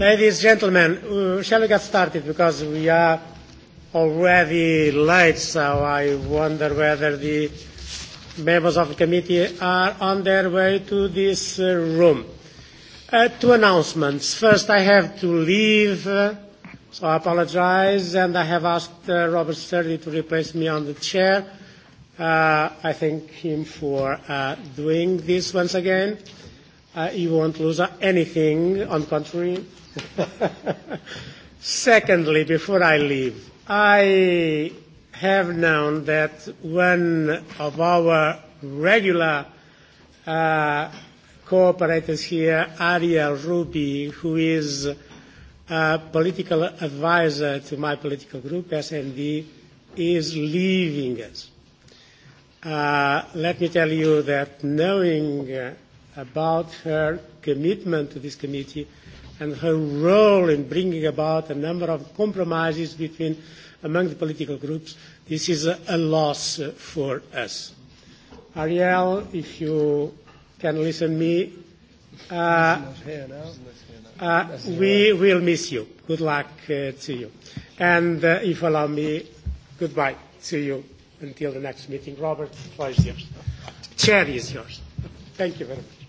Ladies and gentlemen, uh, shall we get started because we are already late, so I wonder whether the members of the committee are on their way to this uh, room. Uh, two announcements. First, I have to leave, uh, so I apologize, and I have asked uh, Robert Sturdy to replace me on the chair. Uh, I thank him for uh, doing this once again. Uh, you won't lose anything. On contrary, Secondly, before I leave, I have known that one of our regular uh, cooperators here, Ariel Ruby, who is a political advisor to my political group, SND, is leaving us. Uh, let me tell you that knowing uh, about her commitment to this committee, and her role in bringing about a number of compromises between among the political groups, this is a, a loss uh, for us. Ariel, if you can listen to me, uh, uh, we will miss you. Good luck uh, to you. And uh, if you allow me, goodbye to you until the next meeting. Robert, the floor is yours. Chair is yours. Thank you very much.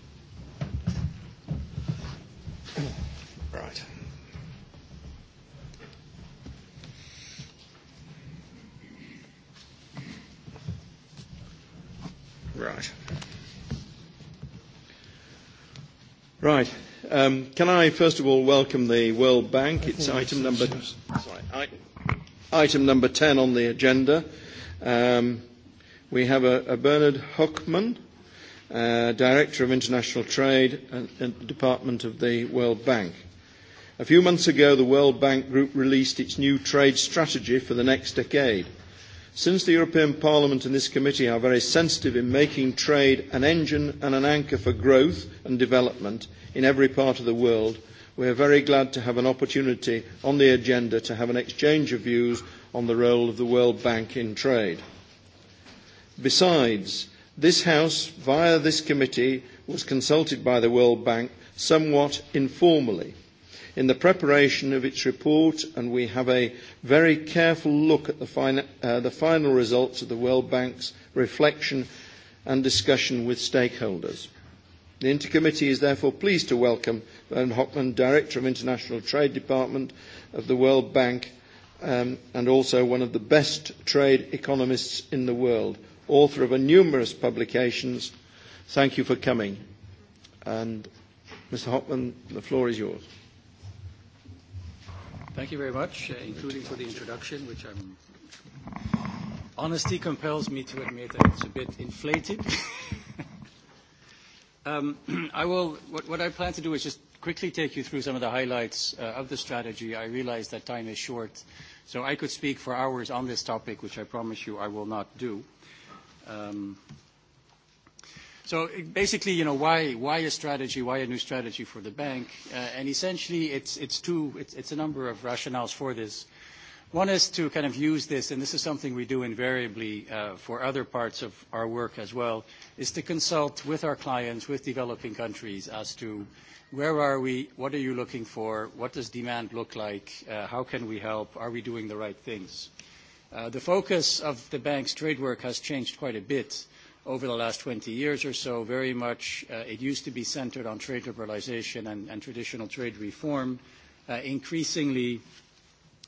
Right. Right. Right. Um, can I first of all welcome the World Bank? It's item number, sorry, item number 10 on the agenda. Um, we have a, a Bernard Hockman, uh, Director of International Trade at the Department of the World Bank. A few months ago, the World Bank Group released its new trade strategy for the next decade. Since the European Parliament and this committee are very sensitive in making trade an engine and an anchor for growth and development in every part of the world, we are very glad to have an opportunity on the agenda to have an exchange of views on the role of the World Bank in trade. Besides, this House, via this committee, was consulted by the World Bank somewhat informally in the preparation of its report, and we have a very careful look at the, uh, the final results of the World Bank's reflection and discussion with stakeholders. The Intercommittee is therefore pleased to welcome Vern Hockman, Director of International Trade Department of the World Bank, um, and also one of the best trade economists in the world, author of a numerous publications. Thank you for coming. And Mr. Hockman, the floor is yours. Thank you very much, uh, including for the introduction, which I'm. Honesty compels me to admit that it's a bit inflated. um, I will. What, what I plan to do is just quickly take you through some of the highlights uh, of the strategy. I realize that time is short, so I could speak for hours on this topic, which I promise you I will not do. Um, So basically, you know, why, why a strategy? Why a new strategy for the bank? Uh, and essentially, it's, it's two, it's, it's a number of rationales for this. One is to kind of use this, and this is something we do invariably uh, for other parts of our work as well, is to consult with our clients, with developing countries as to where are we, what are you looking for, what does demand look like, uh, how can we help, are we doing the right things? the focus of the bank's trade work has changed quite a bit over the last 20 years or so, very much uh, it used to be centered on trade liberalization and, and traditional trade reform. Uh, increasingly,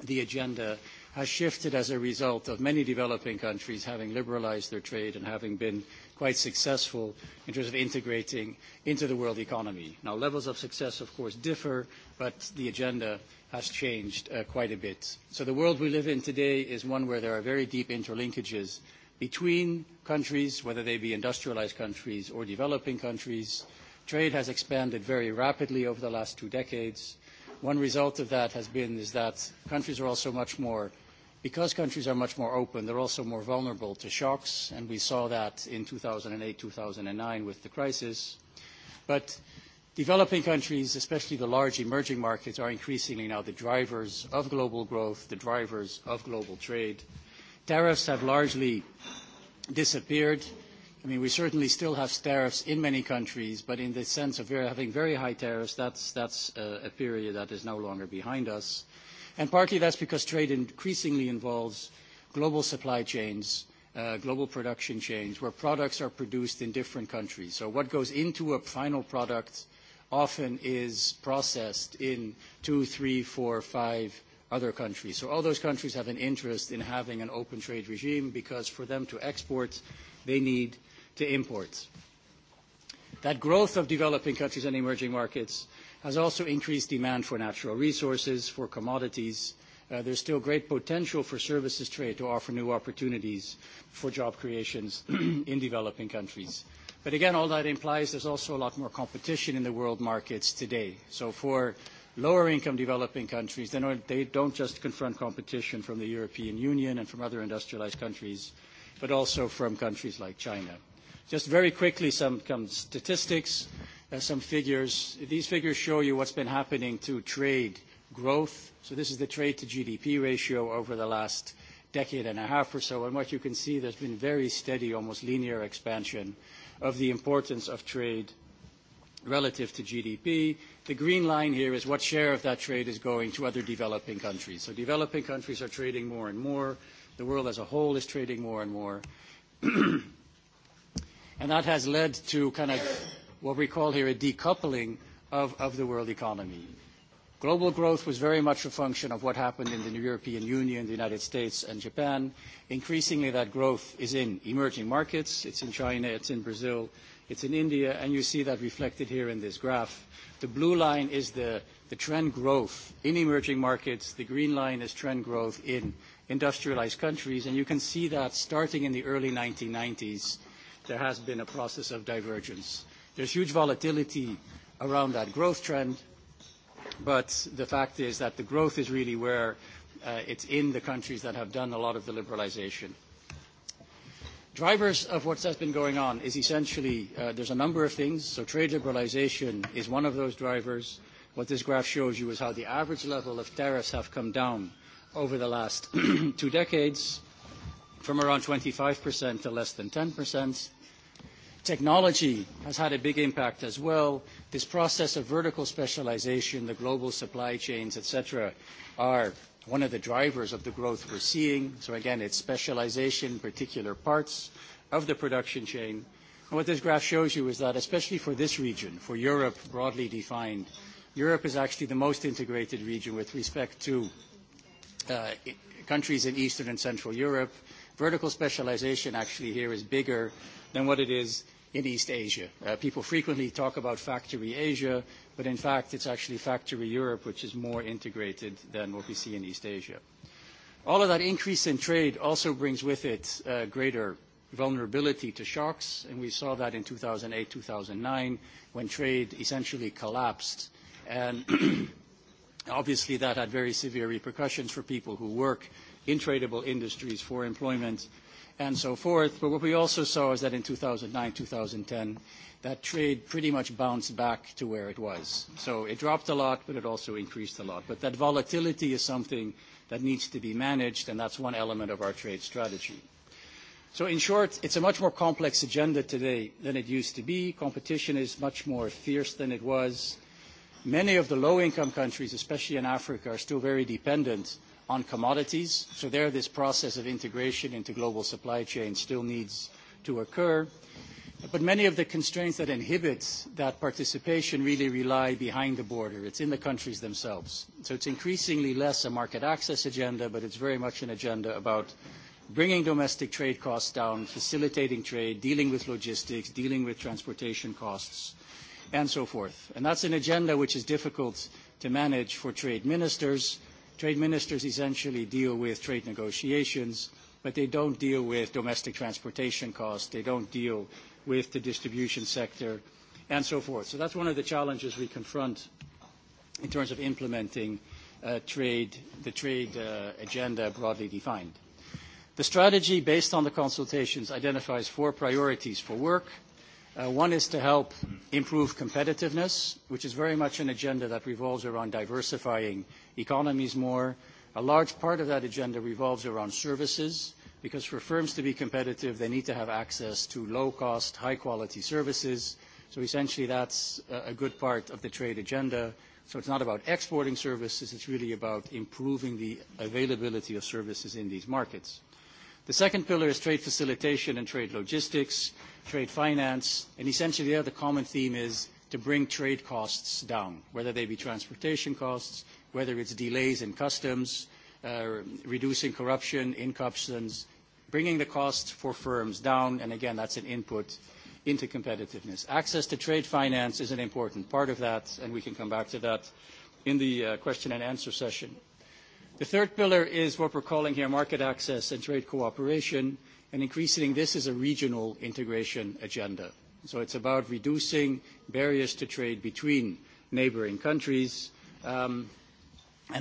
the agenda has shifted as a result of many developing countries having liberalized their trade and having been quite successful in terms of integrating into the world economy. Now, levels of success, of course, differ, but the agenda has changed uh, quite a bit. So the world we live in today is one where there are very deep interlinkages between countries, whether they be industrialized countries or developing countries. Trade has expanded very rapidly over the last two decades. One result of that has been is that countries are also much more, because countries are much more open, they're also more vulnerable to shocks, and we saw that in 2008, 2009 with the crisis. But Developing countries, especially the large emerging markets, are increasingly now the drivers of global growth, the drivers of global trade. Tariffs have largely disappeared. I mean, we certainly still have tariffs in many countries, but in the sense of having very high tariffs, that's, that's uh, a period that is no longer behind us. And partly that's because trade increasingly involves global supply chains, uh, global production chains, where products are produced in different countries. So what goes into a final product often is processed in two, three, four, five other countries. So all those countries have an interest in having an open trade regime because for them to export, they need to import. That growth of developing countries and emerging markets has also increased demand for natural resources, for commodities. Uh, there's still great potential for services trade to offer new opportunities for job creations in developing countries. But again, all that implies there's also a lot more competition in the world markets today. So for lower income developing countries, they don't, they don't just confront competition from the European Union and from other industrialized countries, but also from countries like China. Just very quickly, some, some statistics, uh, some figures. These figures show you what's been happening to trade growth. So this is the trade to GDP ratio over the last decade and a half or so. And what you can see, there's been very steady, almost linear expansion of the importance of trade relative to GDP. The green line here is what share of that trade is going to other developing countries. So developing countries are trading more and more. The world as a whole is trading more and more. and that has led to kind of what we call here a decoupling of, of the world economy. Global growth was very much a function of what happened in the European Union, the United States, and Japan. Increasingly, that growth is in emerging markets. It's in China, it's in Brazil, It's in India, and you see that reflected here in this graph. The blue line is the, trend growth in emerging markets. The green line is trend growth in industrialized countries, and you can see that starting in the early 1990s, there has been a process of divergence. There's huge volatility around that growth trend, but the fact is that the growth is really where uh, it's in the countries that have done a lot of the liberalization. Drivers of what has been going on is essentially uh, there's a number of things. So trade liberalisation is one of those drivers. What this graph shows you is how the average level of tariffs have come down over the last two decades from around 25% to less than 10%. Technology has had a big impact as well. This process of vertical specialisation, the global supply chains, etc., are one of the drivers of the growth we're seeing. So again, it's specialization, particular parts of the production chain. And what this graph shows you is that, especially for this region, for Europe broadly defined, Europe is actually the most integrated region with respect to uh, countries in Eastern and Central Europe. Vertical specialization actually here is bigger than what it is in East Asia. Uh, people frequently talk about factory Asia. But in fact, it's actually factory Europe, which is more integrated than what we see in East Asia. All of that increase in trade also brings with it uh, greater vulnerability to shocks, and we saw that in 2008, 2009, when trade essentially collapsed. And obviously, that had very severe repercussions for people who work in tradable industries for employment and so forth. But what we also saw is that in 2009, 2010, that trade pretty much bounced back to where it was. So it dropped a lot, but it also increased a lot. But that volatility is something that needs to be managed, and that's one element of our trade strategy. So in short, it's a much more complex agenda today than it used to be. Competition is much more fierce than it was. Many of the low-income countries, especially in Africa, are still very dependent on commodities. So there, this process of integration into global supply chains still needs to occur. But many of the constraints that inhibit that participation really rely behind the border. It's in the countries themselves. So it's increasingly less a market access agenda, but it's very much an agenda about bringing domestic trade costs down, facilitating trade, dealing with logistics, dealing with transportation costs, and so forth. And that's an agenda which is difficult to manage for trade ministers, Trade ministers essentially deal with trade negotiations, but they don't deal with domestic transportation costs. They don't deal with the distribution sector and so forth. So that's one of the challenges we confront in terms of implementing uh, trade, the trade uh, agenda broadly defined. The strategy, based on the consultations, identifies four priorities for work. Uh, one is to help improve competitiveness, which is very much an agenda that revolves around diversifying economies more. A large part of that agenda revolves around services, because for firms to be competitive, they need to have access to low-cost, high-quality services. essentially, that's a good part of the trade agenda. it's not about exporting services, it's really about improving the availability of services in these markets. The second pillar is trade facilitation and trade logistics, trade finance, essentially there the common theme is to bring trade costs down, whether they be transportation costs, whether it's delays in customs, uh, reducing corruption in customs, bringing the costs for firms down, and again, that's an input into competitiveness. Access to trade finance is an important part of that, and we can come back to that in the uh, question and answer session. The third pillar is what we're calling here market access and trade cooperation, and increasingly this is a regional integration agenda. So it's about reducing barriers to trade between neighboring countries, um,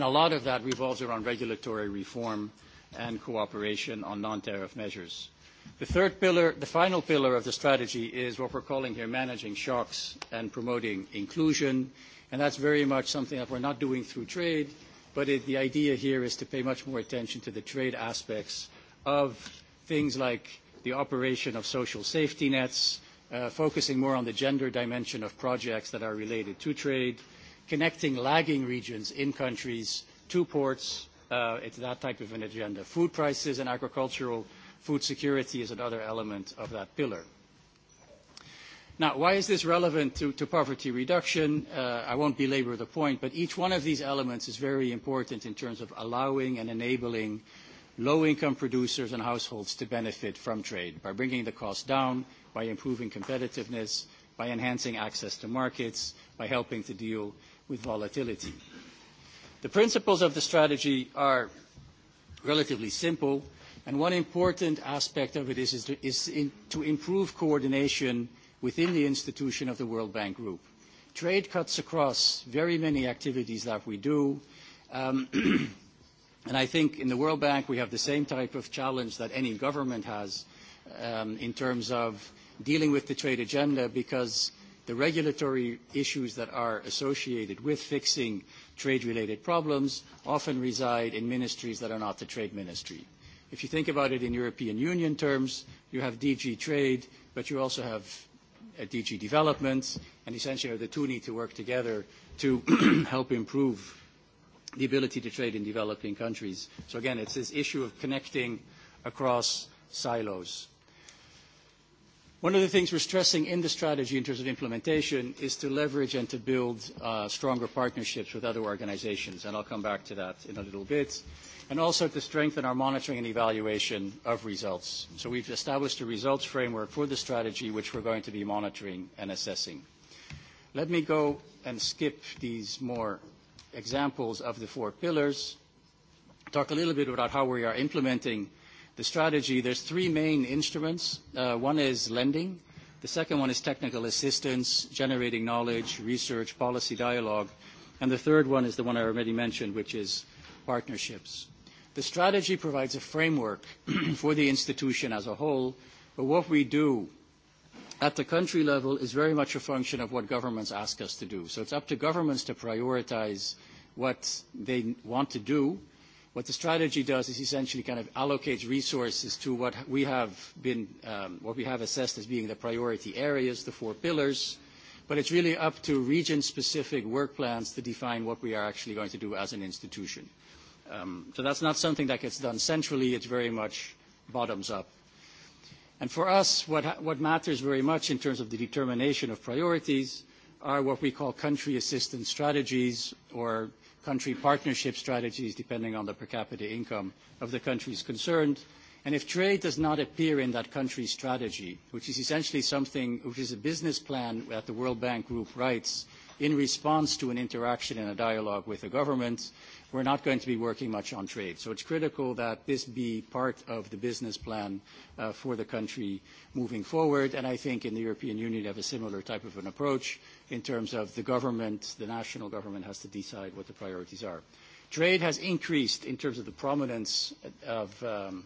a lot of that revolves around regulatory reform and cooperation on non-tariff measures. The third pillar, the final pillar of the strategy is what we're calling here managing shocks and promoting inclusion. that's very much something that we're not doing through trade, but the idea here is to pay much more attention to the trade aspects of things like the operation of social safety nets, uh, focusing more on the gender dimension of projects that are related to trade, connecting lagging regions in countries to ports. Uh, it's that type of an agenda. Food prices and agricultural food security is another element of that pillar. Now, why is this relevant to, to poverty reduction? Uh, I won't belabor the point, but each one of these elements is very important in terms of allowing and enabling low-income producers and households to benefit from trade by bringing the cost down, by improving competitiveness, by enhancing access to markets, by helping to deal with volatility. The principles of the strategy are relatively simple, and one important aspect of it is, is, to, is in, to improve coordination within the institution of the World Bank Group. Trade cuts across very many activities that we do. Um, and I think in the World Bank we have the same type of challenge that any government has um, in terms of dealing with the trade agenda because the regulatory issues that are associated with fixing trade-related problems often reside in ministries that are not the trade ministry. If you think about it in European Union terms, you have DG Trade, but you also have a uh, DG Development, and essentially the two need to work together to help improve the ability to trade in developing countries. So again, it's this issue of connecting across silos. One of the things we're stressing in the strategy in terms of implementation is to leverage and to build uh, stronger partnerships with other organizations, and I'll come back to that in a little bit, and also to strengthen our monitoring and evaluation of results. So we've established a results framework for the strategy, which we're going to be monitoring and assessing. Let me go and skip these more examples of the four pillars, talk a little bit about how we are implementing the strategy, there's three main instruments. Uh, one is lending. The second one is technical assistance, generating knowledge, research, policy dialogue. And the third one is the one I already mentioned, which is partnerships. The strategy provides a framework for the institution as a whole, but what we do at the country level is very much a function of what governments ask us to do. So it's up to governments to prioritize what they want to do What the strategy does is essentially kind of allocates resources to what we have been, um, what we have assessed as being the priority areas, the four pillars, but it's really up to region-specific work plans to define what we are actually going to do as an institution. Um, so that's not something that gets done centrally, it's very much bottoms up. And for us, what, what matters very much in terms of the determination of priorities are what we call country assistance strategies or country partnership strategies depending on the per capita income of the countries concerned. And if trade does not appear in that country's strategy, which is essentially something which is a business plan that the World Bank Group writes, in response to an interaction and a dialogue with the government, we're not going to be working much on trade. So it's critical that this be part of the business plan uh, for the country moving forward. And I think in the European Union, we have a similar type of an approach in terms of the government, the national government has to decide what the priorities are. Trade has increased in terms of the prominence of um,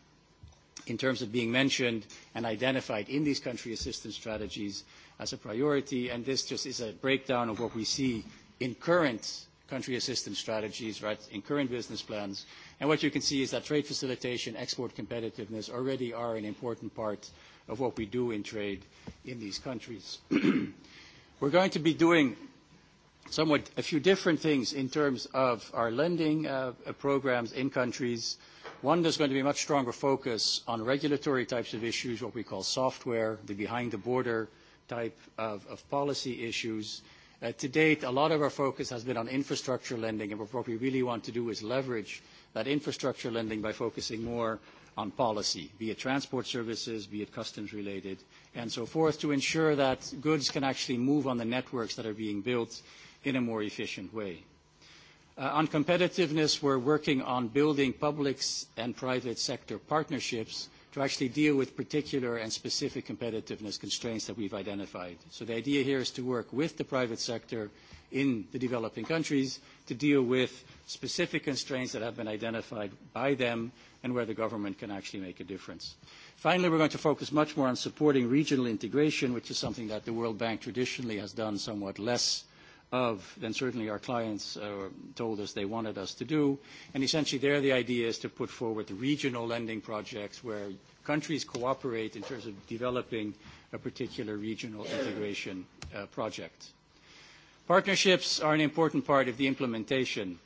in terms of being mentioned and identified in these country assistance strategies as a priority, and this just is a breakdown of what we see in current country assistance strategies, right, in current business plans. And what you can see is that trade facilitation, export competitiveness already are an important part of what we do in trade in these countries. We're going to be doing somewhat a few different things in terms of our lending uh, uh programs in countries. One, there's going to be a much stronger focus on regulatory types of issues, what we call software, the behind the border type of, of policy issues. Uh, to date, a lot of our focus has been on infrastructure lending, and what we really want to do is leverage that infrastructure lending by focusing more on policy, be it transport services, be it customs related, and so forth, to ensure that goods can actually move on the networks that are being built in a more efficient way. Uh, on competitiveness, we're working on building public and private sector partnerships to actually deal with particular and specific competitiveness constraints that we've identified. So the idea here is to work with the private sector in the developing countries to deal with specific constraints that have been identified by them and where the government can actually make a difference. Finally, we're going to focus much more on supporting regional integration, which is something that the World Bank traditionally has done somewhat less uh, of than certainly our clients uh, told us they wanted us to do. And essentially there the idea is to put forward regional lending projects where countries cooperate in terms of developing a particular regional integration uh, project. Partnerships are an important part of the implementation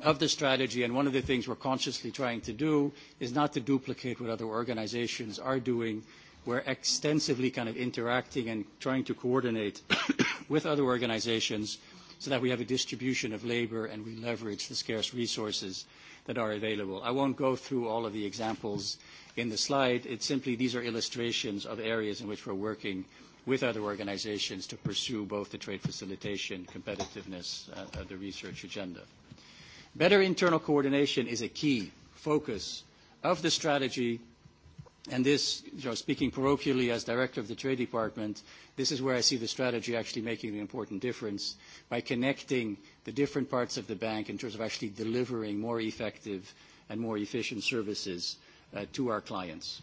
of the strategy, and one of the things we're consciously trying to do is not to duplicate what other organizations are doing, we're extensively kind of interacting and trying to coordinate with other organizations so that we have a distribution of labor and we leverage the scarce resources that are available. I won't go through all of the examples in the slide. It's simply these are illustrations of areas in which we're working with other organizations to pursue both the trade facilitation, competitiveness, uh, the research agenda. Better internal coordination is a key focus of the strategy And this, you know, speaking parochially as director of the Trade Department, this is where I see the strategy actually making the important difference by connecting the different parts of the bank in terms of actually delivering more effective and more efficient services uh, to our clients.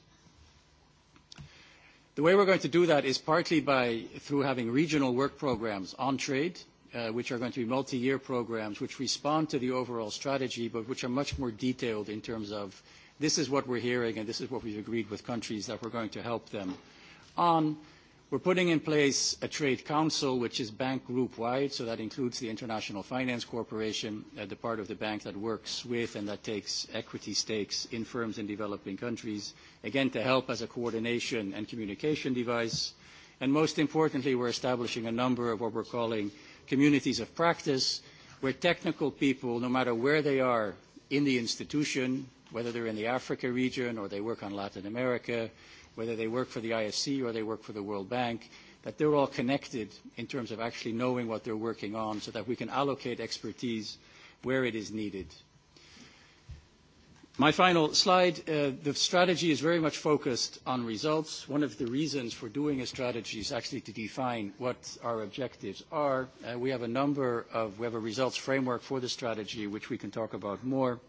The way we're going to do that is partly by through having regional work programs on trade, uh, which are going to be multi-year programs which respond to the overall strategy, but which are much more detailed in terms of This is what we're hearing, and this is what we've agreed with countries that we're going to help them on. We're putting in place a trade council, which is bank group-wide, so that includes the International Finance Corporation, uh, the part of the bank that works with and that takes equity stakes in firms in developing countries, again, to help as a coordination and communication device. And most importantly, we're establishing a number of what we're calling communities of practice, where technical people, no matter where they are in the institution, whether they're in the Africa region or they work on Latin America, whether they work for the ISC or they work for the World Bank, that they're all connected in terms of actually knowing what they're working on so that we can allocate expertise where it is needed. My final slide, uh, the strategy is very much focused on results. One of the reasons for doing a strategy is actually to define what our objectives are. Uh, we have a number of, we have a results framework for the strategy, which we can talk about more.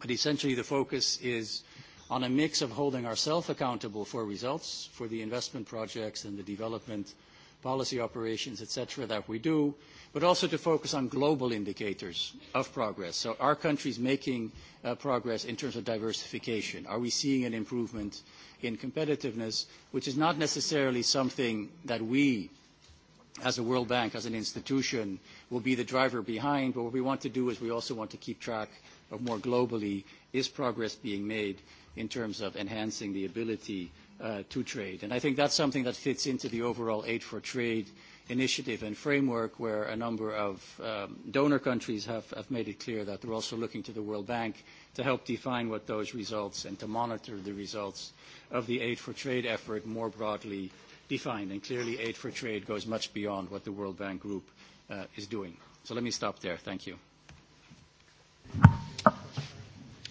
But essentially, the focus is on a mix of holding ourselves accountable for results, for the investment projects and the development policy operations, etc. that we do, but also to focus on global indicators of progress. So are countries making uh, progress in terms of diversification? Are we seeing an improvement in competitiveness, which is not necessarily something that we, as a World Bank, as an institution, will be the driver behind, but what we want to do is we also want to keep track but more globally, is progress being made in terms of enhancing the ability uh, to trade? And I think that's something that fits into the overall Aid for Trade initiative and framework where a number of um, donor countries have, have made it clear that they're also looking to the World Bank to help define what those results and to monitor the results of the Aid for Trade effort more broadly defined. And clearly Aid for Trade goes much beyond what the World Bank Group uh, is doing. So let me stop there. Thank you.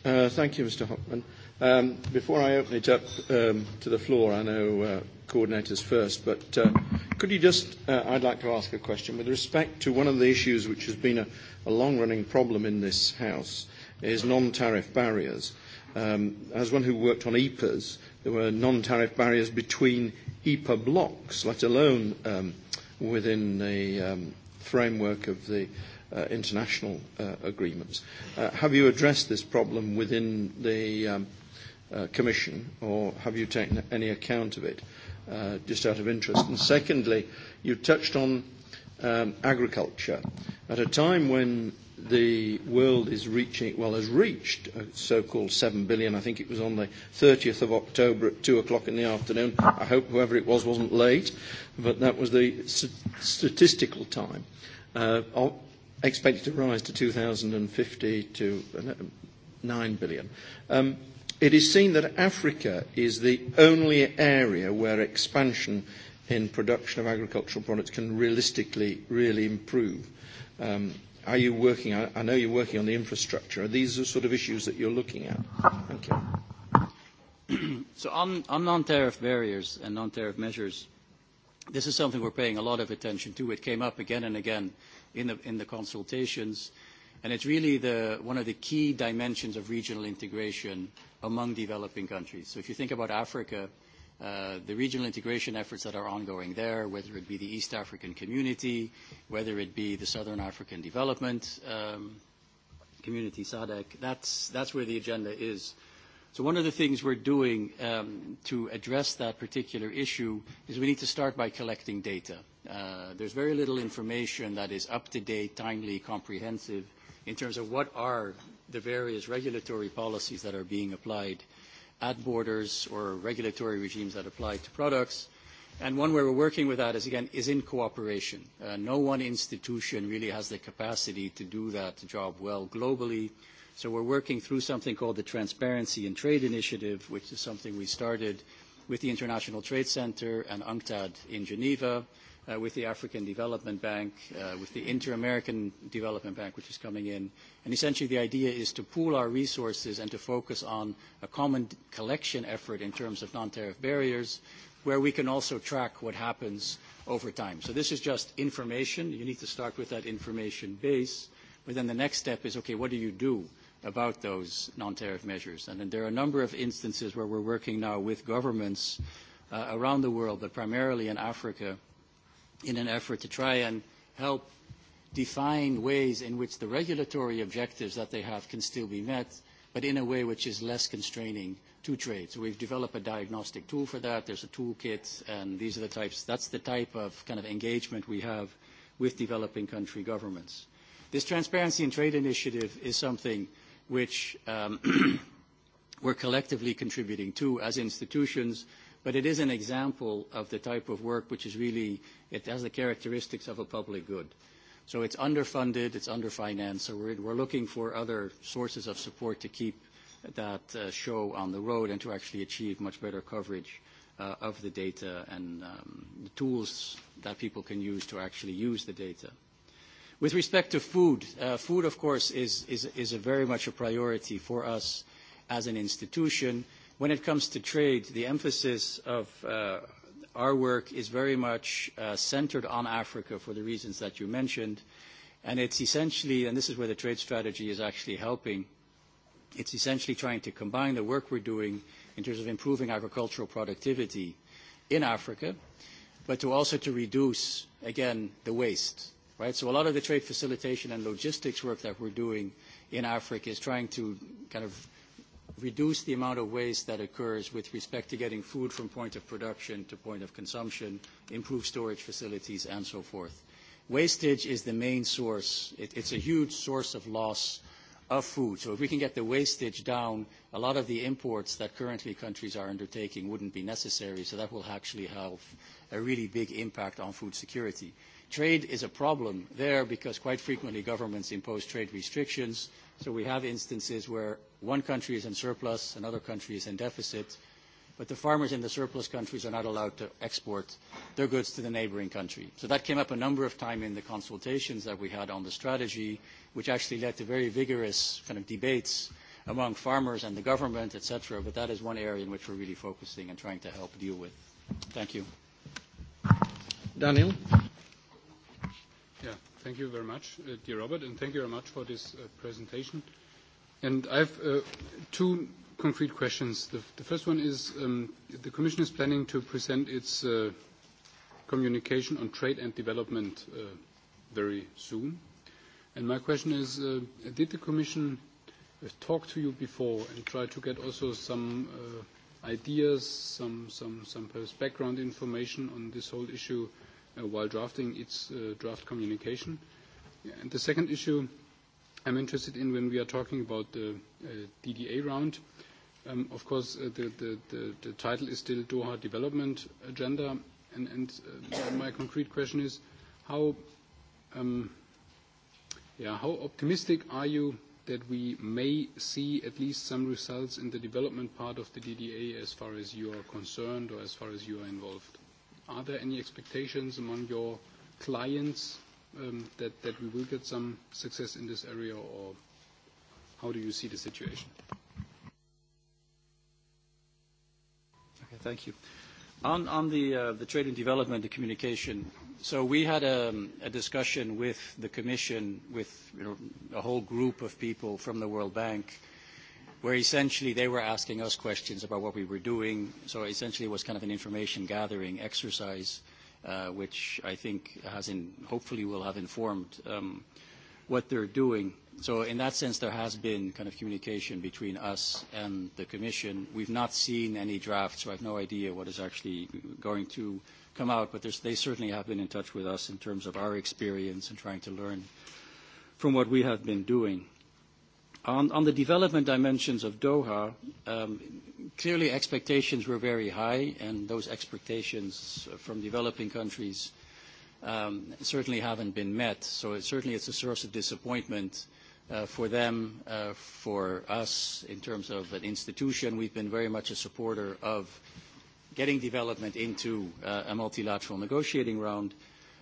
Uh, thank you, Mr. Hockman. Um, before I open it up um, to the floor, I know uh, coordinators first, but uh, could you just, uh, I'd like to ask a question with respect to one of the issues which has been a, a long-running problem in this House is non-tariff barriers. Um, as one who worked on EPAs, there were non-tariff barriers between EPA blocks, let alone um, within the um, framework of the uh, international uh, agreements. Uh, have you addressed this problem within the um, uh, Commission, or have you taken any account of it, uh, just out of interest? And secondly, you touched on um, agriculture. At a time when the world is reaching, well, has reached a so-called 7 billion. I think it was on the 30th of October at 2 o'clock in the afternoon. I hope whoever it was wasn't late, but that was the st statistical time. Uh, expected to rise to 2050 to 9 uh, billion. Um, it is seen that Africa is the only area where expansion in production of agricultural products can realistically really improve. Um, are you working, I, know you're working on the infrastructure. Are these the sort of issues that you're looking at? Thank you. so on, on non-tariff barriers and non-tariff measures, this is something we're paying a lot of attention to. It came up again and again in the, in the consultations. And it's really the, one of the key dimensions of regional integration among developing countries. So if you think about Africa, uh, the regional integration efforts that are ongoing there, whether it be the East African community, whether it be the Southern African Development um, Community, SADC, that's, that's where the agenda is. Uh, So one of the things we're doing um, to address that particular issue is we need to start by collecting data. Uh, there's very little information that is up-to-date, timely, comprehensive in terms of what are the various regulatory policies that are being applied at borders or regulatory regimes that apply to products. And one way we're working with that is, again, is in cooperation. Uh, no one institution really has the capacity to do that job well globally. So we're working through something called the Transparency in Trade Initiative, which is something we started with the International Trade Center and UNCTAD in Geneva, uh, with the African Development Bank, uh, with the Inter-American Development Bank, which is coming in. And essentially the idea is to pool our resources and to focus on a common collection effort in terms of non-tariff barriers, where we can also track what happens over time. So this is just information. You need to start with that information base. But then the next step is, okay, what do you do? about those non-tariff measures. And, and there are a number of instances where we're working now with governments uh, around the world, but primarily in Africa, in an effort to try and help define ways in which the regulatory objectives that they have can still be met, but in a way which is less constraining to trade. So we've developed a diagnostic tool for that. There's a toolkit, and these are the types. That's the type of kind of engagement we have with developing country governments. This Transparency in Trade initiative is something which um, we're collectively contributing to as institutions, but it is an example of the type of work which is really, it has the characteristics of a public good. So it's underfunded, it's underfinanced, so we're, we're looking for other sources of support to keep that uh, show on the road and to actually achieve much better coverage uh, of the data and um, the tools that people can use to actually use the data. With respect to food, uh, food, of course, is, is, is very much a priority for us as an institution. When it comes to trade, the emphasis of uh, our work is very much uh, centered on Africa for the reasons that you mentioned. And it's essentially, and this is where the trade strategy is actually helping, it's essentially trying to combine the work we're doing in terms of improving agricultural productivity in Africa, but to also to reduce, again, the waste right? So a lot of the trade facilitation and logistics work that we're doing in Africa is trying to kind of reduce the amount of waste that occurs with respect to getting food from point of production to point of consumption, improve storage facilities, and so forth. Wastage is the main source. It, it's a huge source of loss of food. So if we can get the wastage down, a lot of the imports that currently countries are undertaking wouldn't be necessary, so that will actually have a really big impact on food security trade is a problem there because quite frequently governments impose trade restrictions. So we have instances where one country is in surplus, another country is in deficit, but the farmers in the surplus countries are not allowed to export their goods to the neighboring country. So that came up a number of times in the consultations that we had on the strategy, which actually led to very vigorous kind of debates among farmers and the government, etc. But that is one area in which we're really focusing and trying to help deal with. Thank you. Daniel? Yeah, thank you very much, uh, dear Robert, and thank you very much for this uh, presentation. And I have uh, two concrete questions. The, the first one is um, the Commission is planning to present its uh, communication on trade and development uh, very soon. And my question is, uh, did the Commission uh, talk to you before and try to get also some uh, ideas, some, some, some background information on this whole issue Uh, while drafting its uh, draft communication. And the second issue I'm interested in when we are talking about the uh, DDA round, um, of course, uh, the, the, the, the title is still Doha Development Agenda, and, and uh, my concrete question is how, um, yeah, how optimistic are you that we may see at least some results in the development part of the DDA as far as you are concerned or as far as you are involved? Are there any expectations among your clients um, that, that we will get some success in this area, or how do you see the situation? Okay, thank you. On, on the, uh, the trade and development, the communication, so we had a, um, a discussion with the Commission, with you know, a whole group of people from the World Bank, where essentially they were asking us questions about what we were doing. So essentially it was kind of an information gathering exercise, uh, which I think has in, hopefully will have informed um, what they're doing. So in that sense, there has been kind of communication between us and the Commission. We've not seen any draft, so I have no idea what is actually going to come out, but they certainly have been in touch with us in terms of our experience and trying to learn from what we have been doing. On, the development dimensions of Doha, um, clearly expectations were very high, and those expectations from developing countries um, certainly haven't been met. So it, certainly it's a source of disappointment uh, for them, uh, for us, in terms of an institution. We've been very much a supporter of getting development into uh, a multilateral negotiating round.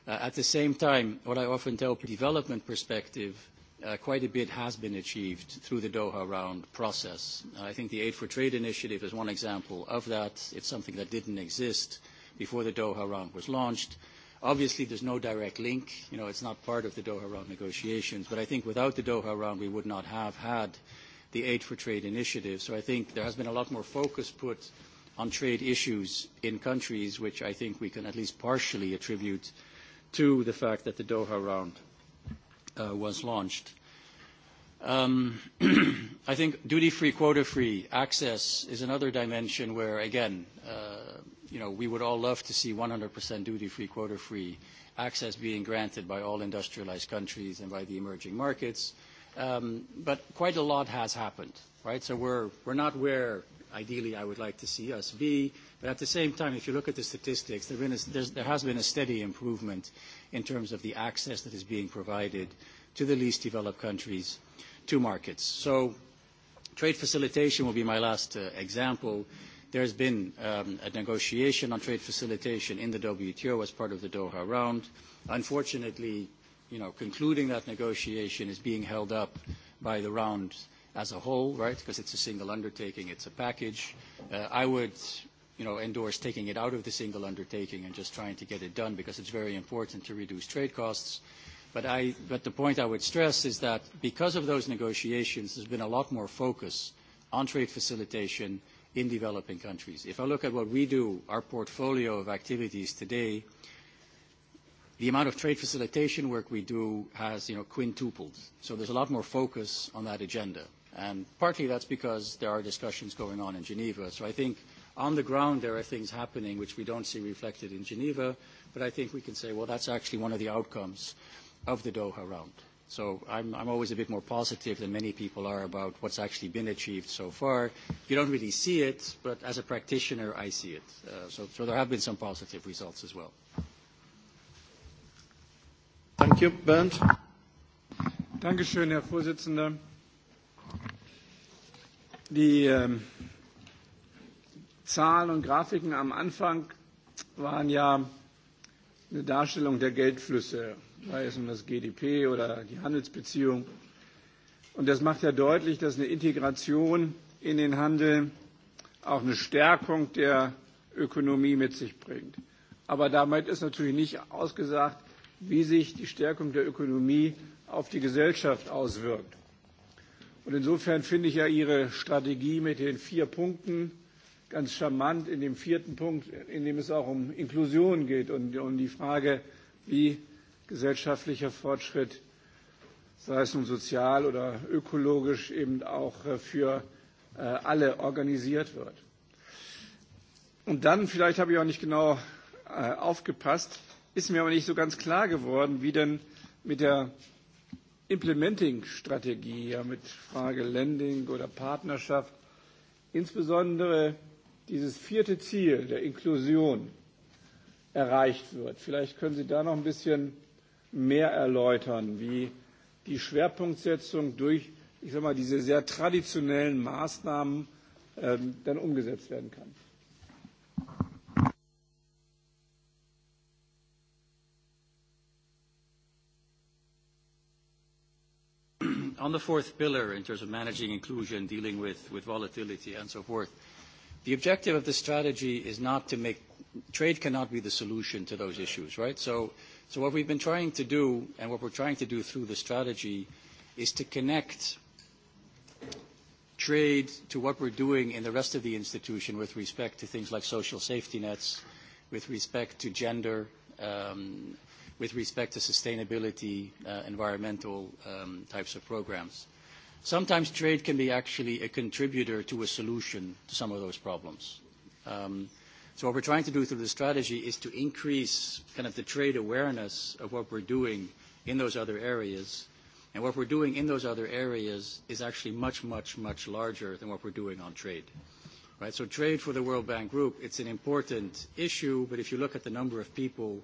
At the same time, what I often tell from a development perspective Uh, quite a bit has been achieved through the Doha round process. I think the Aid for Trade initiative is one example of that. It's something that didn't exist before the Doha round was launched. Obviously, there's no direct link. You know, it's not part of the Doha round negotiations. But I think without the Doha round, we would not have had the Aid for Trade initiative. So I think there has been a lot more focus put on trade issues in countries, which I think we can at least partially attribute to the fact that the Doha round Uh, was launched. Um, I think duty-free, quota-free access is another dimension where, again, uh, you know, we would all love to see 100% duty-free, quota-free access being granted by all industrialized countries and by the emerging markets. Um, but quite a lot has happened, right? So we're, we're not where ideally I would like to see us be, but at the same time, if you look at the statistics, there has been a steady improvement in terms of the access that is being provided to the least developed countries to markets. So trade facilitation will be my last uh, example. There has been um, a negotiation on trade facilitation in the WTO as part of the Doha round. Unfortunately, you know, concluding that negotiation is being held up by the round as a whole, right? Because it's a single undertaking, it's a package. Uh, I would you know, endorse taking it out of the single undertaking and just trying to get it done because it's very important to reduce trade costs. But, I, but the point I would stress is that because of those negotiations, there's been a lot more focus on trade facilitation in developing countries. If I look at what we do, our portfolio of activities today, the amount of trade facilitation work we do has, you know, quintupled. So there's a lot more focus on that agenda. And partly that's because there are discussions going on in Geneva. So I think On the ground, there are things happening which we don't see reflected in Geneva, but I think we can say, well, that's actually one of the outcomes of the Doha round. So I'm, I'm always a bit more positive than many people are about what's actually been achieved so far. You don't really see it, but as a practitioner, I see it. Uh, so, so there have been some positive results as well. Thank you. Bernd? Dankeschön, Herr Vorsitzender. Die ähm, um, Zahlen und Grafiken am Anfang waren ja eine Darstellung der Geldflüsse, sei es um das GDP oder die Handelsbeziehung. Und das macht ja deutlich, dass eine Integration in den Handel auch eine Stärkung der Ökonomie mit sich bringt. Aber damit ist natürlich nicht ausgesagt, wie sich die Stärkung der Ökonomie auf die Gesellschaft auswirkt. Und insofern finde ich ja Ihre Strategie mit den vier Punkten ganz charmant in dem vierten Punkt, in dem es auch um Inklusion geht und um die Frage, wie gesellschaftlicher Fortschritt, sei es nun sozial oder ökologisch, eben auch äh, für äh, alle organisiert wird. Und dann, vielleicht habe ich auch nicht genau äh, aufgepasst, ist mir aber nicht so ganz klar geworden, wie denn mit der Implementing-Strategie, ja mit Frage Lending oder Partnerschaft, insbesondere dieses vierte Ziel der Inklusion erreicht wird. Vielleicht können Sie da noch ein bisschen mehr erläutern, wie die Schwerpunktsetzung durch, ich sag mal, diese sehr traditionellen Maßnahmen ähm, dann umgesetzt werden kann. On the fourth pillar, in terms of managing inclusion, dealing with, with volatility and so forth, uh, The objective of this strategy is not to make trade cannot be the solution to those issues, right? So, so what we've been trying to do, and what we're trying to do through the strategy, is to connect trade to what we're doing in the rest of the institution with respect to things like social safety nets, with respect to gender, um, with respect to sustainability, uh, environmental um, types of programs. Sometimes trade can be actually a contributor to a solution to some of those problems. Um, so what we're trying to do through the strategy is to increase kind of the trade awareness of what we're doing in those other areas. And what we're doing in those other areas is actually much, much, much larger than what we're doing on trade. Right? So trade for the World Bank Group, it's an important issue, but if you look at the number of people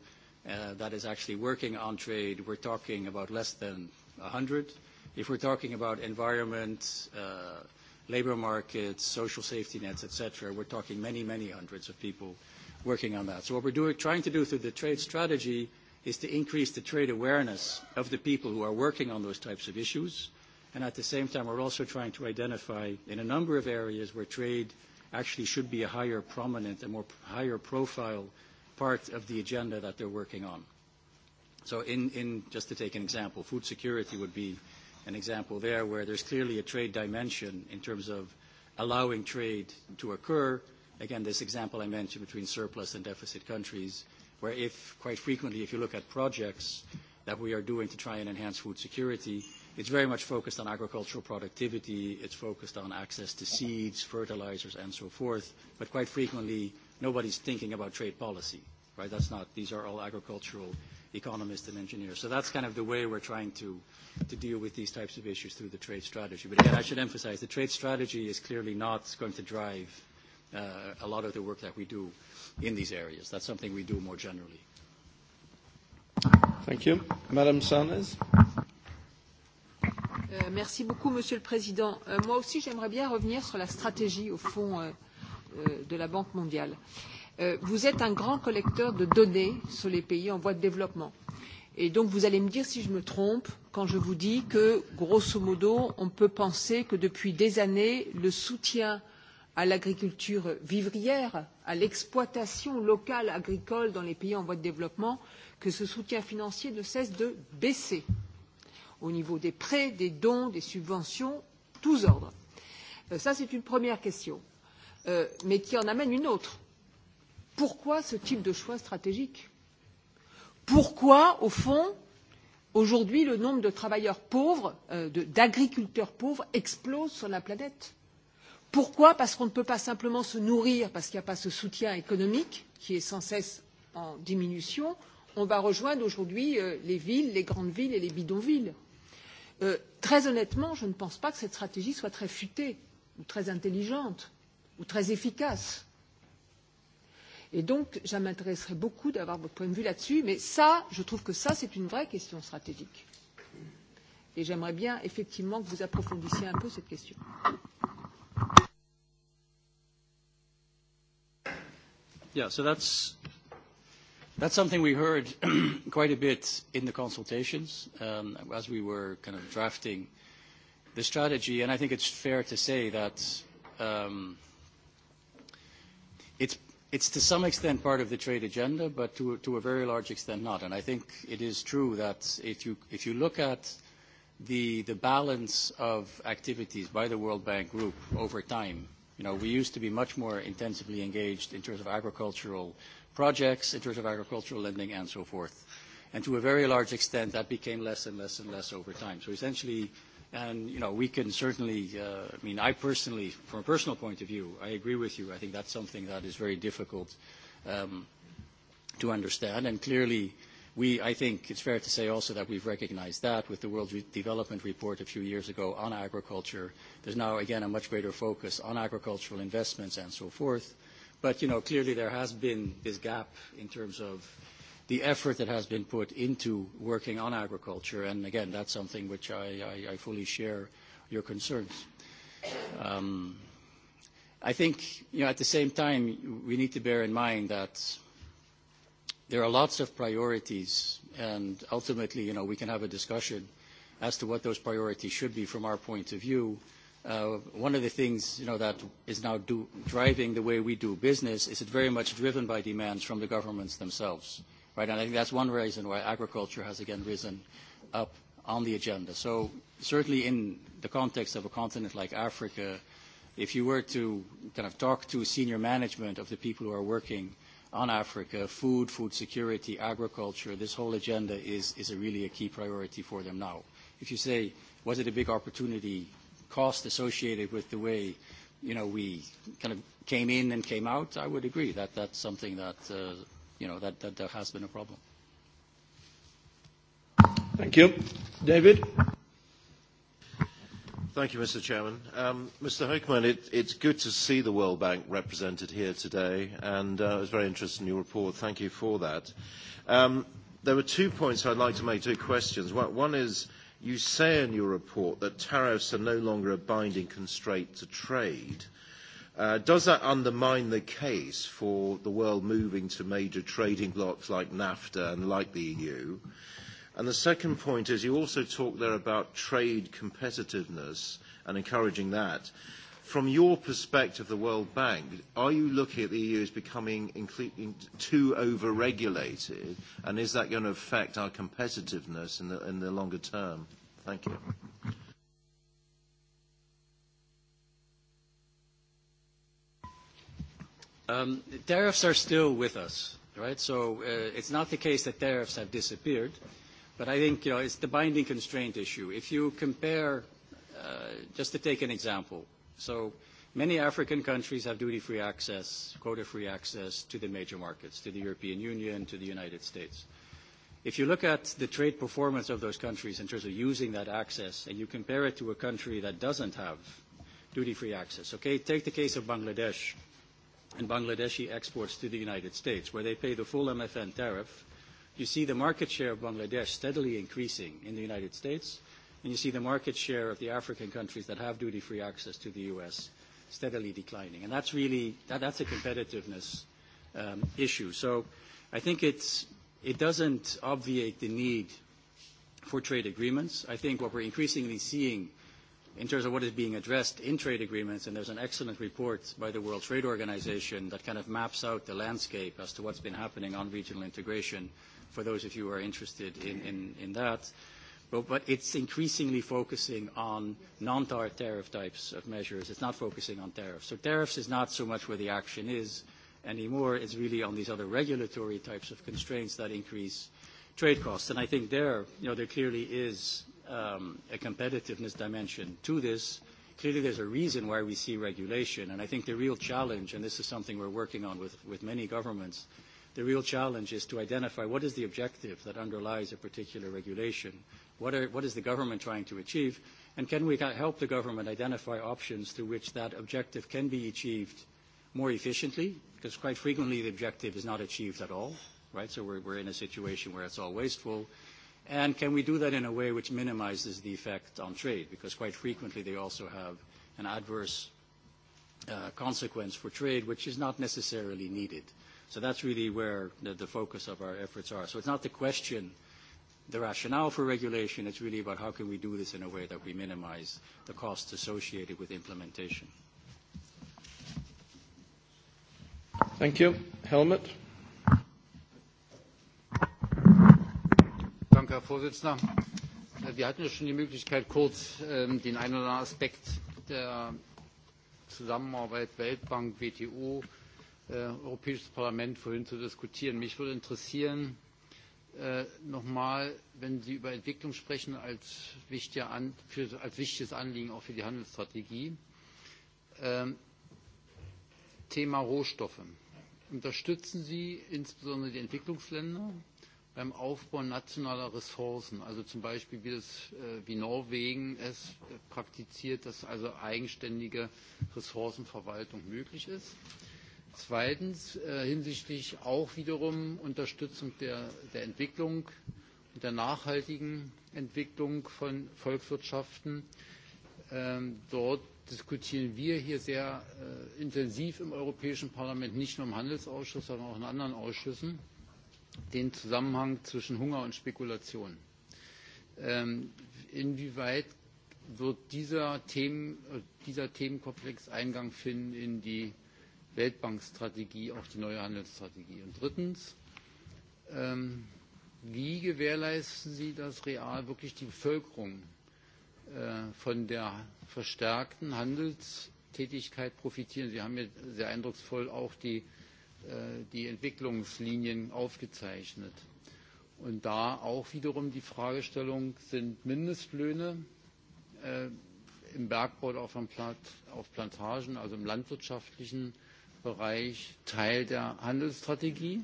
uh, that is actually working on trade, we're talking about less than 100 if we're talking about environment, uh, labor markets, social safety nets, etc., we're talking many, many hundreds of people working on that. So what we're doing, trying to do through the trade strategy is to increase the trade awareness of the people who are working on those types of issues. And at the same time, we're also trying to identify in a number of areas where trade actually should be a higher prominent and more higher profile part of the agenda that they're working on. So in, in just to take an example, food security would be an example there where there's clearly a trade dimension in terms of allowing trade to occur. Again, this example I mentioned between surplus and deficit countries, where if quite frequently, if you look at projects that we are doing to try and enhance food security, it's very much focused on agricultural productivity, it's focused on access to seeds, fertilizers, and so forth, but quite frequently, nobody's thinking about trade policy, right? That's not, these are all agricultural economists and engineers. So that's kind of the way we're trying to, to deal with these types of issues through the trade strategy. But again, I should emphasize the trade strategy is clearly not going to drive uh, a lot of the work that we do in these areas. That's something we do more generally. Thank you. Madame Sanders. Euh, merci beaucoup, Monsieur le Président. Euh, moi aussi, j'aimerais bien revenir sur la stratégie, au fond, euh, euh de la Banque mondiale. Euh, Euh, vous êtes un grand collecteur de données sur les pays en voie de développement. Et donc vous allez me dire si je me trompe quand je vous dis que, grosso modo, on peut penser que depuis des années, le soutien à l'agriculture vivrière, à l'exploitation locale agricole dans les pays en voie de développement, que ce soutien financier ne cesse de baisser au niveau des prêts, des dons, des subventions, tous ordres. Euh, ça, c'est une première question, euh, mais qui en amène une autre pourquoi ce type de choix stratégique Pourquoi, au fond, aujourd'hui, le nombre de travailleurs pauvres, euh, d'agriculteurs pauvres explose sur la planète Pourquoi Parce qu'on ne peut pas simplement se nourrir parce qu'il n'y a pas ce soutien économique qui est sans cesse en diminution. On va rejoindre aujourd'hui euh, les villes, les grandes villes et les bidonvilles. Euh, très honnêtement, je ne pense pas que cette stratégie soit très futée ou très intelligente ou très efficace. Et donc, ça m'intéresserait beaucoup d'avoir votre point de vue là-dessus, mais ça, je trouve que ça, c'est une vraie question stratégique. Et j'aimerais bien, effectivement, que vous approfondissiez un peu cette question. Yeah, so that's That's something we heard quite a bit in the consultations um, as we were kind of drafting the strategy, and I think it's fair to say that um, it's It's to some extent part of the trade agenda, but to, a very large extent not. And I think it is true that if you, look at the, the balance of activities by the World Bank Group over time, you know, we used to be much more intensively engaged in terms of agricultural projects, in terms of agricultural lending, and so forth. And to a very large extent, that became less and less and less over time. So essentially, And, you know, we can certainly, uh, I mean, I personally, from a personal point of view, I agree with you. I think that's something that is very difficult um, to understand. And clearly, we, I think it's fair to say also that we've recognized that with the World Re Development Report a few years ago on agriculture. There's now, again, a much greater focus on agricultural investments and so forth. But, you know, clearly there has been this gap in terms of the effort that has been put into working on agriculture. And again, that's something which I, I, I fully share your concerns. Um, I think, you know, at the same time, we need to bear in mind that there are lots of priorities, and ultimately, you know, we can have a discussion as to what those priorities should be from our point of view. Uh, one of the things you know, that is now do, driving the way we do business is it very much driven by demands from the governments themselves right? And I think that's one reason why agriculture has again risen up on the agenda. So certainly in the context of a continent like Africa, if you were to kind of talk to senior management of the people who are working on Africa, food, food security, agriculture, this whole agenda is, is a really a key priority for them now. If you say, was it a big opportunity cost associated with the way you know, we kind of came in and came out, I would agree that that's something that uh, you know, that, that there has been a problem. Thank you. David? Thank you, Mr. Chairman. Um, Mr. Hoekman, it, it's good to see the World Bank represented here today, and uh, I was very interested in your report. Thank you for that. Um, there were two points I'd like to make, two questions. One is, you say in your report that tariffs are no longer a binding constraint to trade. Uh, does that undermine the case for the world moving to major trading blocs like NAFTA and like the EU? And the second point is you also talk there about trade competitiveness and encouraging that. From your perspective, the World Bank, are you looking at the EU as becoming too over-regulated, and is that going to affect our competitiveness in the, in the longer term? Thank you. Um, tariffs are still with us, right? So uh, it's not the case that tariffs have disappeared, but I think you know it's the binding constraint issue. If you compare, uh, just to take an example, so many African countries have duty-free access, quota-free access to the major markets, to the European Union, to the United States. If you look at the trade performance of those countries in terms of using that access, and you compare it to a country that doesn't have duty-free access, okay, take the case of Bangladesh and Bangladeshi exports to the United States, where they pay the full MFN tariff, you see the market share of Bangladesh steadily increasing in the United States, and you see the market share of the African countries that have duty-free access to the U.S. steadily declining. And that's really that, that's a competitiveness um, issue. So I think it's, it doesn't obviate the need for trade agreements. I think what we're increasingly seeing – in terms of what is being addressed in trade agreements, and there's an excellent report by the World Trade Organization that kind of maps out the landscape as to what's been happening on regional integration for those of you who are interested in, in, in that. But, but it's increasingly focusing on non-tariff types of measures. It's not focusing on tariffs. So tariffs is not so much where the action is anymore. It's really on these other regulatory types of constraints that increase trade costs. And I think there, you know, there clearly is um, a competitiveness dimension to this, clearly there's a reason why we see regulation. And I think the real challenge, and this is something we're working on with, with many governments, the real challenge is to identify what is the objective that underlies a particular regulation, what, are, what is the government trying to achieve, and can we help the government identify options through which that objective can be achieved more efficiently, because quite frequently the objective is not achieved at all, right? So we're, we're in a situation where it's all wasteful And can we do that in a way which minimizes the effect on trade? Because quite frequently they also have an adverse uh, consequence for trade, which is not necessarily needed. So that's really where the, the focus of our efforts are. So it's not the question, the rationale for regulation, it's really about how can we do this in a way that we minimize the costs associated with implementation. Thank you. Helmut? Herr präsident! Wir hatten ja schon die Möglichkeit, kurz ähm, den einen oder anderen Aspekt der Zusammenarbeit Weltbank, WTO, äh, Europäisches Parlament vorhin zu diskutieren. Mich würde interessieren, äh, noch einmal wenn Sie über Entwicklung sprechen, als, wichtiges Anliegen auch für die Handelsstrategie. Ähm, Thema Rohstoffe. Unterstützen Sie insbesondere die Entwicklungsländer beim Aufbau nationaler Ressourcen, also zum Beispiel wie, das, äh, wie Norwegen es äh, praktiziert, dass also eigenständige Ressourcenverwaltung möglich ist. Zweitens äh, hinsichtlich auch wiederum Unterstützung der, der Entwicklung und der nachhaltigen Entwicklung von Volkswirtschaften. Ähm, dort diskutieren wir hier sehr intensiv im Europäischen Parlament, nicht nur im Handelsausschuss, sondern auch in anderen Ausschüssen den Zusammenhang zwischen Hunger und Spekulation. Ähm, inwieweit wird dieser, Themen, äh, dieser Themenkomplex Eingang finden in die Weltbankstrategie, auch die neue Handelsstrategie? Und drittens, ähm, wie gewährleisten Sie, dass real wirklich die Bevölkerung äh, von der verstärkten Handelstätigkeit profitieren? Sie haben ja sehr eindrucksvoll auch die äh, Äh, die Entwicklungslinien aufgezeichnet. Und da auch wiederum die Fragestellung, sind Mindestlöhne äh, im Bergbau oder auf, Plant auf Plantagen, also im landwirtschaftlichen Bereich, Teil der Handelsstrategie?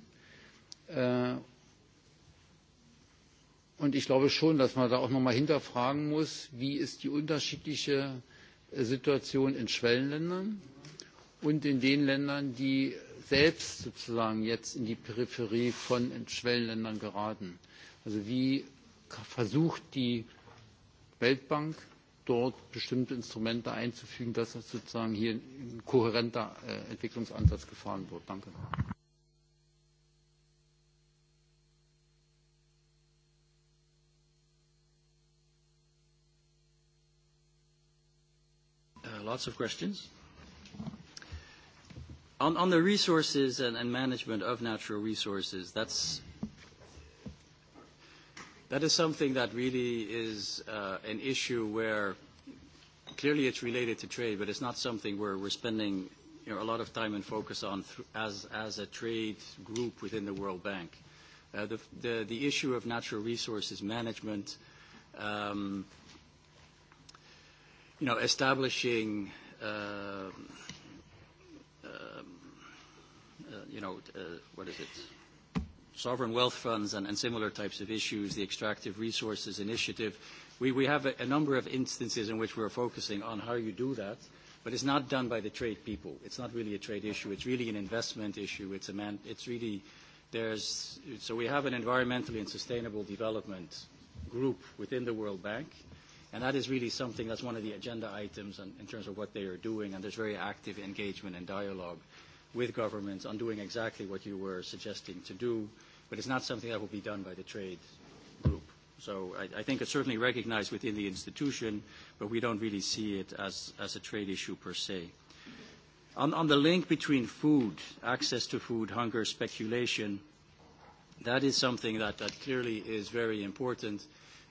Äh, und ich glaube schon, dass man da auch nochmal hinterfragen muss, wie ist die unterschiedliche äh, Situation in Schwellenländern und in den Ländern, die selbst sozusagen jetzt in die Peripherie von Schwellenländern geraten? Also wie versucht die Weltbank dort bestimmte Instrumente einzufügen, dass das sozusagen hier ein kohärenter äh, Entwicklungsansatz gefahren wird? Danke. Uh, lots of questions. On, the resources and, management of natural resources, that's that is something that really is uh, an issue where clearly it's related to trade, but it's not something where we're spending a lot of time and focus on as, as a trade group within the World Bank. Uh, the, issue of natural resources management, um, you know, establishing um, you know, uh, what is it, sovereign wealth funds and, and similar types of issues, the Extractive Resources Initiative. We, we have a, a number of instances in which we're focusing on how you do that, but it's not done by the trade people. It's not really a trade issue. It's really an investment issue. It's, a man, it's really there's so we have an environmentally and sustainable development group within the World Bank, and that is really something that's one of the agenda items in, in terms of what they are doing, and there's very active engagement and dialogue with governments on doing exactly what you were suggesting to do, but it's not something that will be done by the trade group. So I, I think it's certainly recognized within the institution, but we don't really see it as, as a trade issue per se. On, on the link between food, access to food, hunger, speculation, that is something that, that clearly is very important.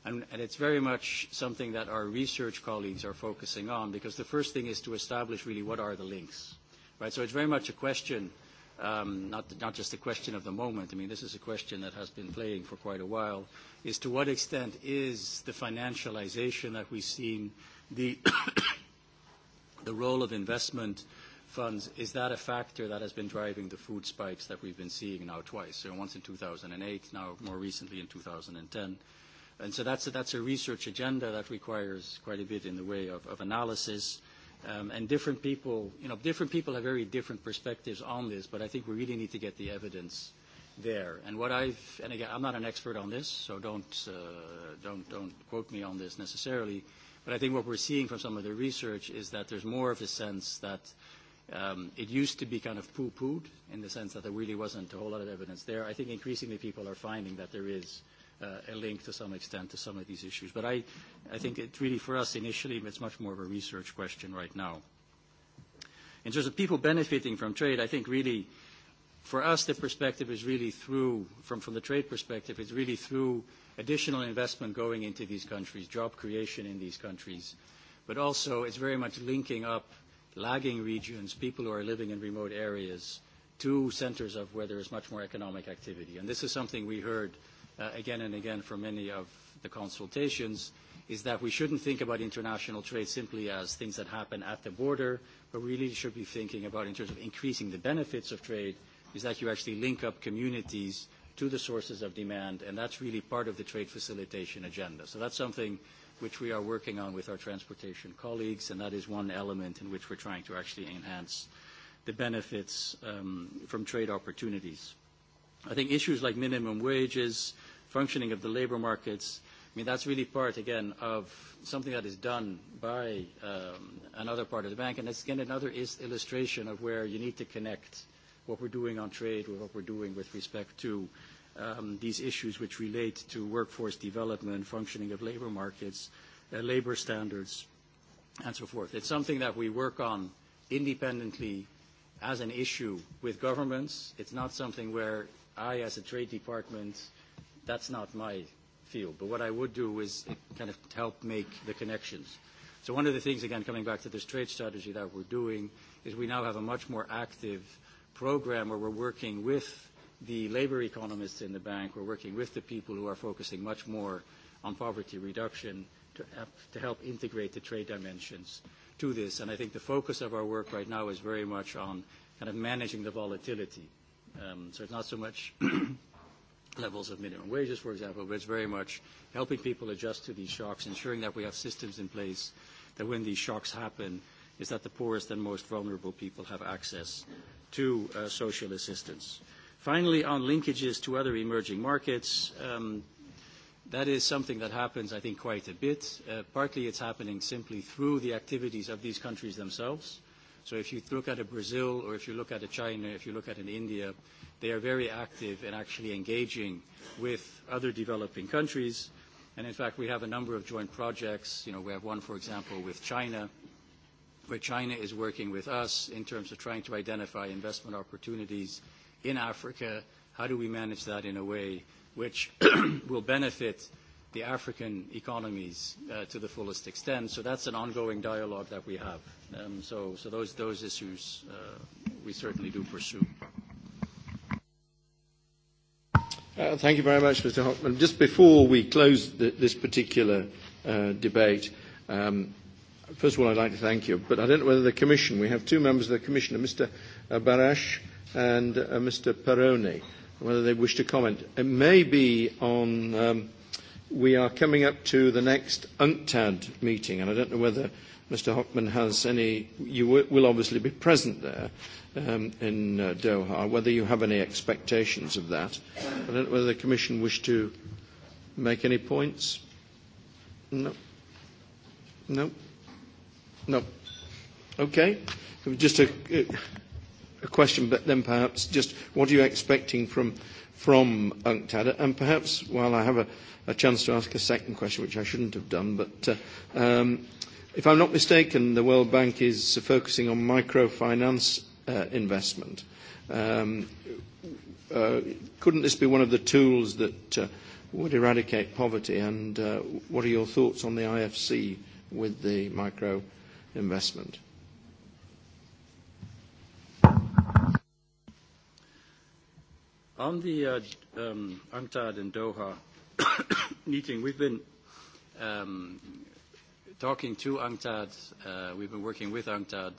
And, and it's very much something that our research colleagues are focusing on because the first thing is to establish really what are the links Right, so it's very much a question, um, not, not just a question of the moment. I mean, this is a question that has been playing for quite a while, is to what extent is the financialization that we've seen, the, the role of investment funds, is that a factor that has been driving the food spikes that we've been seeing now twice? So once in 2008, now more recently in 2010. And so that's a, that's a research agenda that requires quite a bit in the way of, of analysis. Um, and different people, you know, different people have very different perspectives on this, but I think we really need to get the evidence there. And what I've, and again, I'm not an expert on this, so don't, uh, don't, don't quote me on this necessarily, but I think what we're seeing from some of the research is that there's more of a sense that um, it used to be kind of poo-pooed in the sense that there really wasn't a whole lot of evidence there. I think increasingly people are finding that there is Uh, a link to some extent to some of these issues. But I, I think it really, for us initially, it's much more of a research question right now. In terms of people benefiting from trade, I think really for us, the perspective is really through, from, from the trade perspective, it's really through additional investment going into these countries, job creation in these countries, but also it's very much linking up lagging regions, people who are living in remote areas, to centers of where there is much more economic activity. And this is something we heard uh, again and again from many of the consultations, is that we shouldn't think about international trade simply as things that happen at the border, but really should be thinking about in terms of increasing the benefits of trade, is that you actually link up communities to the sources of demand, and that's really part of the trade facilitation agenda. So that's something which we are working on with our transportation colleagues, and that is one element in which we're trying to actually enhance the benefits um, from trade opportunities. I think issues like minimum wages, functioning of the labour markets, I mean, that's really part, again, of something that is done by um, another part of the bank. And that's, again, another is illustration of where you need to connect what we're doing on trade with what we're doing with respect to um, these issues which relate to workforce development, functioning of labour markets, uh, labour standards, and so forth. It's something that we work on independently as an issue with governments. It's not something where I, as a trade department, that's not my field. But what I would do is kind of help make the connections. So one of the things, again, coming back to this trade strategy that we're doing, is we now have a much more active program where we're working with the labor economists in the bank. We're working with the people who are focusing much more on poverty reduction to, to help integrate the trade dimensions to this. And I think the focus of our work right now is very much on kind of managing the volatility Um, so it's not so much levels of minimum wages, for example, but it's very much helping people adjust to these shocks, ensuring that we have systems in place that when these shocks happen, is that the poorest and most vulnerable people have access to uh, social assistance. Finally, on linkages to other emerging markets, um, that is something that happens, I think, quite a bit. Uh, partly it's happening simply through the activities of these countries themselves. So if you look at a Brazil or if you look at a China, if you look at an India, they are very active in actually engaging with other developing countries. And in fact, we have a number of joint projects. You know, we have one, for example, with China, where China is working with us in terms of trying to identify investment opportunities in Africa. How do we manage that in a way which will benefit the African economies uh, to the fullest extent. So that's an ongoing dialogue that we have. Um, so, so those, those issues uh, we certainly do pursue. Uh, thank you very much, Mr. Hockman. Just before we close the, this particular uh, debate, um, first of all, I'd like to thank you. But I don't know whether the Commission, we have two members of the Commission, uh, Mr. Uh, Barash and uh, Mr. Peroni, whether they wish to comment. It may be on. Um, we are coming up to the next UNCTAD meeting, and I don't know whether Mr. Hockman has any. You will obviously be present there um, in uh, Doha. Whether you have any expectations of that, I don't know whether the Commission wish to make any points. No. No. No. Okay. Just a, a question, but then perhaps just what are you expecting from from UNCTAD? And perhaps, while I have a, a chance to ask a second question, which I shouldn't have done, but uh, um, if I'm not mistaken, the World Bank is focusing on microfinance uh, investment. Um, uh, couldn't this be one of the tools that uh, would eradicate poverty? And uh, what are your thoughts on the IFC with the micro investment? On the uh, um, UNCTAD and Doha meeting, we've been um, talking to UNCTAD. Uh, we've been working with UNCTAD.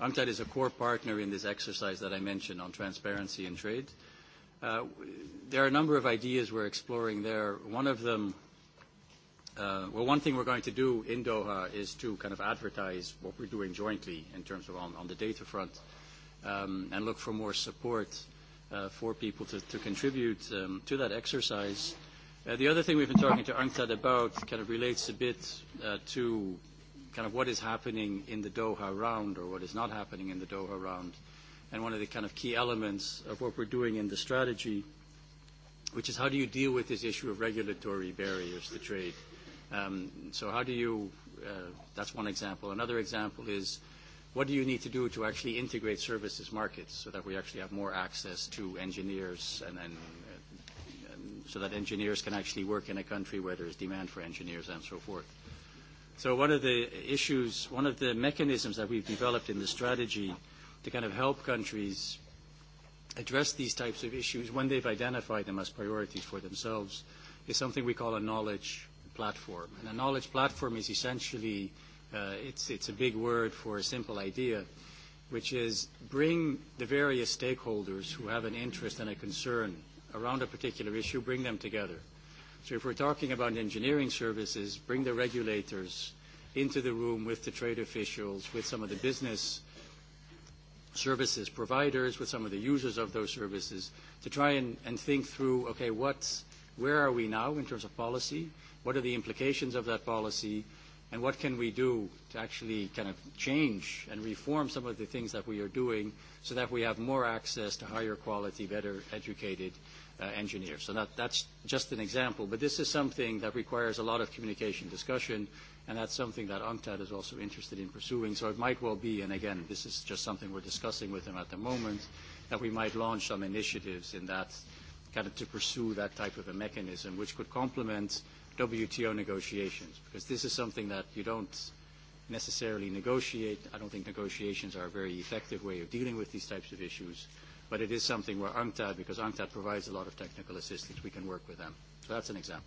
UNCTAD is a core partner in this exercise that I mentioned on transparency and trade. Uh, there are a number of ideas we're exploring there. One of them, uh, well, one thing we're going to do in Doha is to kind of advertise what we're doing jointly in terms of on, on the data front um, and look for more support uh, for people to, to contribute um, to that exercise. Uh, the other thing we've been talking to UNCTAD about kind of relates a bit uh, to kind of what is happening in the Doha round or what is not happening in the Doha round. And one of the kind of key elements of what we're doing in the strategy, which is how do you deal with this issue of regulatory barriers to trade? Um, so how do you, uh, that's one example. Another example is what do you need to do to actually integrate services markets so that we actually have more access to engineers and, and, and so that engineers can actually work in a country where there's demand for engineers and so forth. So one of the issues, one of the mechanisms that we've developed in the strategy to kind of help countries address these types of issues when they've identified them as priorities for themselves is something we call a knowledge platform. And a knowledge platform is essentially – Uh, it's, it's a big word for a simple idea, which is bring the various stakeholders who have an interest and a concern around a particular issue, bring them together. So if we're talking about engineering services, bring the regulators into the room with the trade officials, with some of the business services providers, with some of the users of those services, to try and, and think through, okay, what's, where are we now in terms of policy? What are the implications of that policy? and what can we do to actually kind of change and reform some of the things that we are doing so that we have more access to higher quality, better educated uh, engineers. So that, that's just an example, but this is something that requires a lot of communication discussion, and that's something that UNCTAD is also interested in pursuing. So it might well be, and again, this is just something we're discussing with them at the moment, that we might launch some initiatives in that kind of to pursue that type of a mechanism, which could complement WTO negotiations, because this is something that you don't necessarily negotiate. I don't think negotiations are a very effective way of dealing with these types of issues, but it is something where UNCTAD, because UNCTAD provides a lot of technical assistance, we can work with them. So that's an example.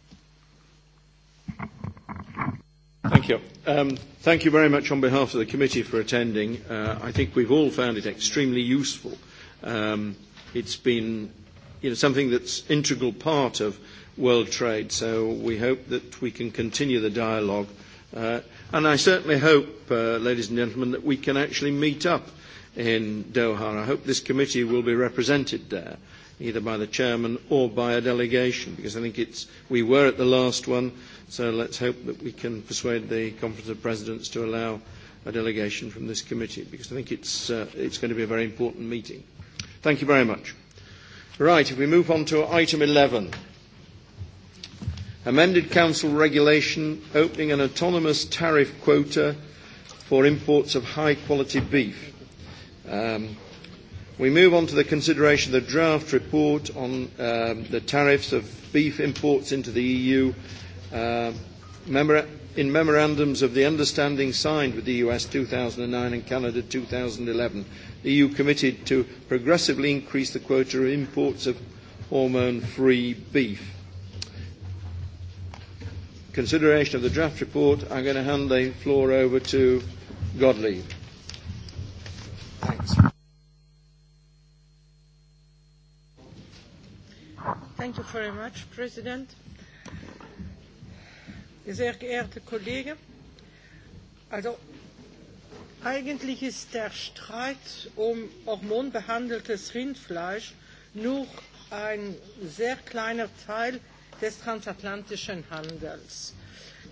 Thank you. Um, thank you very much on behalf of the committee for attending. Uh, I think we've all found it extremely useful. Um, it's been you know, something that's integral part of world trade. So we hope that we can continue the dialogue. Uh, and I certainly hope, uh, ladies and gentlemen, that we can actually meet up in Doha. I hope this committee will be represented there, either by the chairman or by a delegation, because I think it's, we were at the last one, so let's hope that we can persuade the Conference of Presidents to allow a delegation from this committee, because I think it's, uh, it's going to be a very important meeting. Thank you very much. Right, if we move on to item 11. Amended Council regulation opening an autonomous tariff quota for imports of high quality beef. Um, we move on to the consideration of the draft report on um, the tariffs of beef imports into the EU. Uh, in memorandums of the understanding signed with the US 2009 and Canada 2011 the EU committed to progressively increase the quota of imports of hormone-free beef. Consideration of the draft report, I'm going to hand the floor over to Godley. Thanks. Thank you very much, President. Sehr geehrte Kollegen, also Eigentlich ist der Streit um hormonbehandeltes Rindfleisch nur ein sehr kleiner Teil des transatlantischen Handels.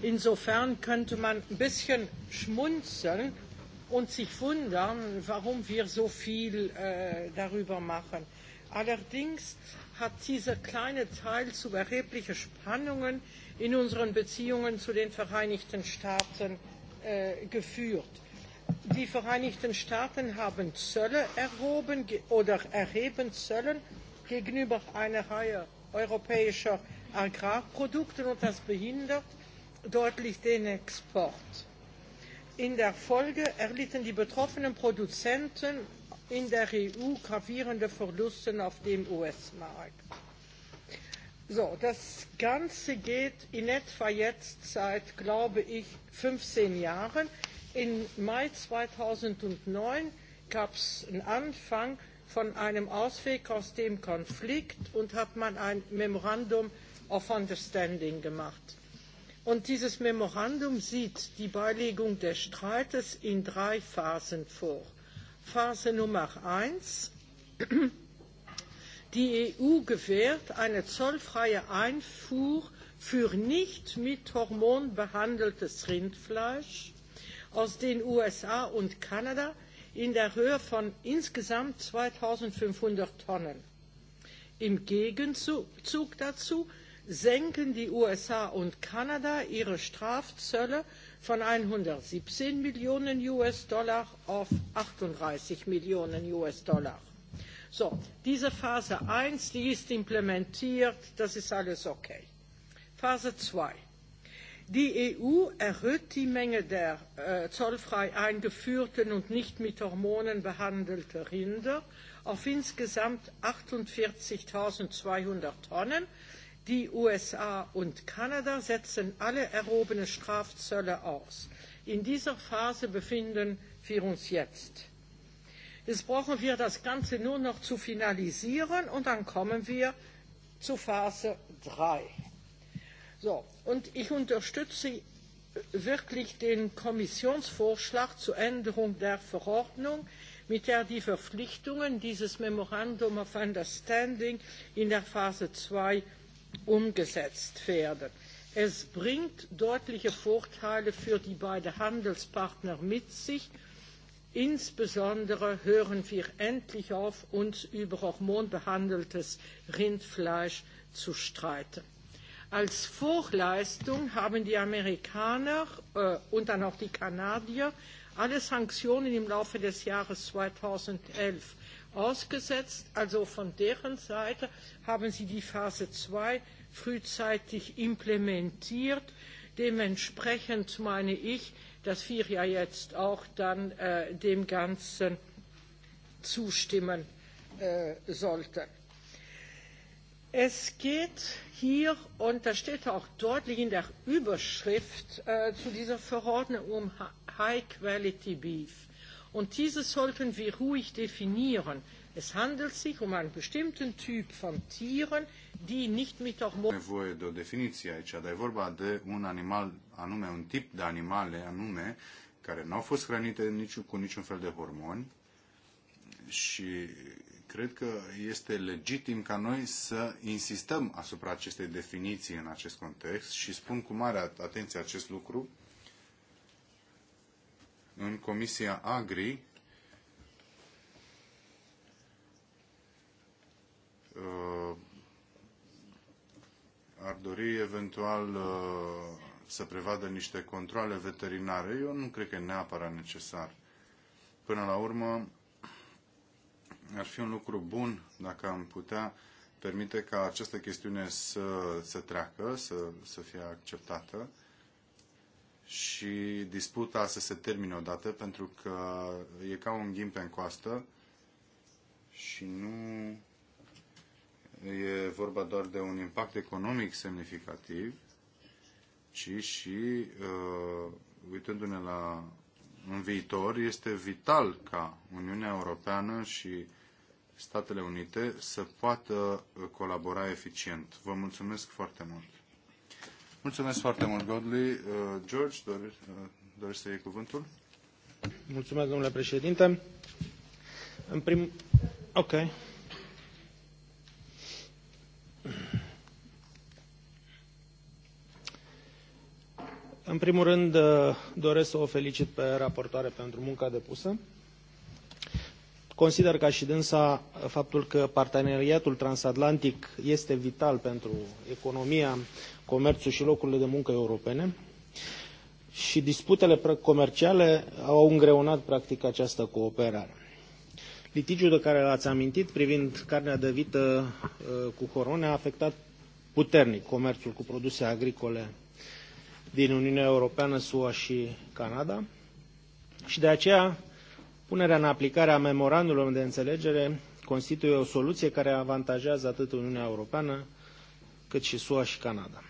Insofern könnte man ein bisschen schmunzeln und sich wundern, warum wir so viel äh, darüber machen. Allerdings hat dieser kleine Teil zu erheblichen Spannungen in unseren Beziehungen zu den Vereinigten Staaten äh, geführt die Vereinigten Staaten haben Zölle erhoben oder erheben Zöllen gegenüber einer Reihe europäischer Agrarprodukte und das behindert deutlich den Export. In der Folge erlitten die betroffenen Produzenten in der EU gravierende Verluste auf dem US-Markt. So, das Ganze geht in etwa jetzt seit, glaube ich, 15 Jahren im Mai 2009 gab es einen Anfang von einem Ausweg aus dem Konflikt und hat man ein Memorandum of Understanding gemacht. Und dieses Memorandum sieht die Beilegung des Streites in drei Phasen vor. Phase Nummer eins. Die EU gewährt eine zollfreie Einfuhr für nicht mit Hormon behandeltes Rindfleisch aus den USA und Kanada in der Höhe von insgesamt 2500 Tonnen. Im Gegenzug dazu senken die USA und Kanada ihre Strafzölle von 117 Millionen US-Dollar auf 38 Millionen US-Dollar. So, diese Phase 1, die ist implementiert, das ist alles okay. Phase 2 Die EU erhöht die Menge der äh, zollfrei eingeführten und nicht mit Hormonen behandelten Rinder auf insgesamt 48.200 Tonnen. Die USA und Kanada setzen alle erhobenen Strafzölle aus. In dieser Phase befinden wir uns jetzt. Jetzt brauchen wir das Ganze nur noch zu finalisieren und dann kommen wir zu Phase 3. So, und ich unterstütze wirklich den Kommissionsvorschlag zur Änderung der Verordnung, mit der die Verpflichtungen dieses Memorandum of Understanding in der Phase 2 umgesetzt werden. Es bringt deutliche Vorteile für die beiden Handelspartner mit sich. Insbesondere hören wir endlich auf, uns über hormonbehandeltes Rindfleisch zu streiten. Als Vorleistung haben die Amerikaner äh, und dann auch die Kanadier alle Sanktionen im Laufe des Jahres 2011 ausgesetzt. Also von deren Seite haben sie die Phase 2 frühzeitig implementiert. Dementsprechend meine ich, dass wir ja jetzt auch dann äh, dem Ganzen zustimmen äh, sollten. Es geht hier, und das steht er auch deutlich in der Überschrift äh, zu dieser Verordnung um High-Quality-Beef. Und diese sollten wir ruhig definieren. Es handelt sich um einen bestimmten Typ von Tieren, die nicht mit Hormonen... nevoie de o definiție aici, dar e vorba de un animal anume, un tip de animale anume, care nu au fost hrănite nici, cu niciun fel de hormoni și cred că este legitim ca noi să insistăm asupra acestei definiții în acest context și spun cu mare atenție acest lucru. În Comisia Agri uh, ar dori eventual uh, să prevadă niște controle veterinare. Eu nu cred că e neapărat necesar. Până la urmă, ar fi un lucru bun dacă am putea permite ca această chestiune să, să treacă, să, să fie acceptată și disputa să se termine odată, pentru că e ca un ghimpe în coastă și nu e vorba doar de un impact economic semnificativ, ci și, uh, uitându-ne la în viitor, este vital ca Uniunea Europeană și Statele Unite să poată uh, colabora eficient. Vă mulțumesc foarte mult. Mulțumesc foarte mult, Godley. Uh, George, dorești uh, să iei cuvântul? Mulțumesc, domnule președinte. În prim... Ok. În primul rând, doresc să o felicit pe raportoare pentru munca depusă. Consider ca și dânsa uh, faptul că parteneriatul transatlantic este vital pentru economia, comerțul și locurile de muncă europene și disputele comerciale au îngreunat practic această cooperare. Litigiul de care l-ați amintit privind carnea de vită uh, cu horone a afectat puternic comerțul cu produse agricole din Uniunea Europeană, SUA și Canada și de aceea Punerea în aplicare a memorandumului de înțelegere constituie o soluție care avantajează atât Uniunea Europeană cât și SUA și Canada.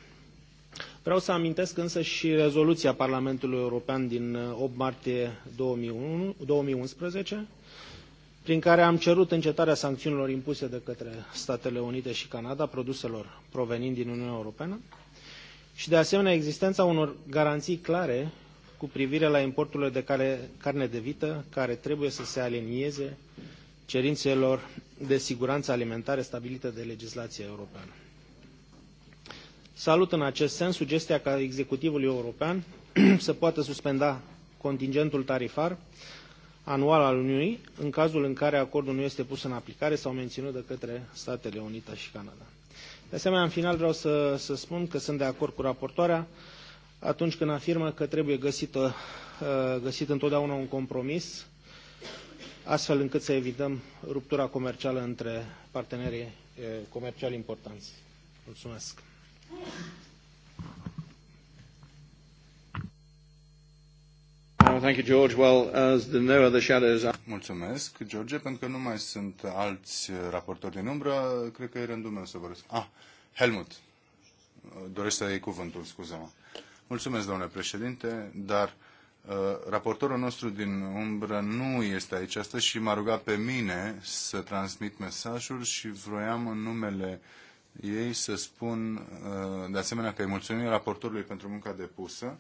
Vreau să amintesc însă și rezoluția Parlamentului European din 8 uh, martie 2011, prin care am cerut încetarea sancțiunilor impuse de către Statele Unite și Canada produselor provenind din Uniunea Europeană și de asemenea existența unor garanții clare cu privire la importurile de care, carne de vită, care trebuie să se alinieze cerințelor de siguranță alimentară stabilite de legislația europeană. Salut în acest sens sugestia ca executivul european să poată suspenda contingentul tarifar anual al Uniunii în cazul în care acordul nu este pus în aplicare sau menținut de către Statele Unite și Canada. De asemenea, în final vreau să, să spun că sunt de acord cu raportoarea atunci când afirmă că trebuie găsită, uh, găsit întotdeauna un compromis, astfel încât să evităm ruptura comercială între partenerii comerciali importanți. Mulțumesc! Mulțumesc, George, pentru că nu mai sunt alți uh, raportori din umbră. Cred că e rândul meu să vorbesc. Ah, Helmut. Uh, Dorește să iei cuvântul, scuze-mă. Mulțumesc, domnule președinte, dar uh, raportorul nostru din umbră nu este aici astăzi și m-a rugat pe mine să transmit mesajul și vroiam în numele ei să spun uh, de asemenea că îi mulțumim raportorului pentru munca depusă,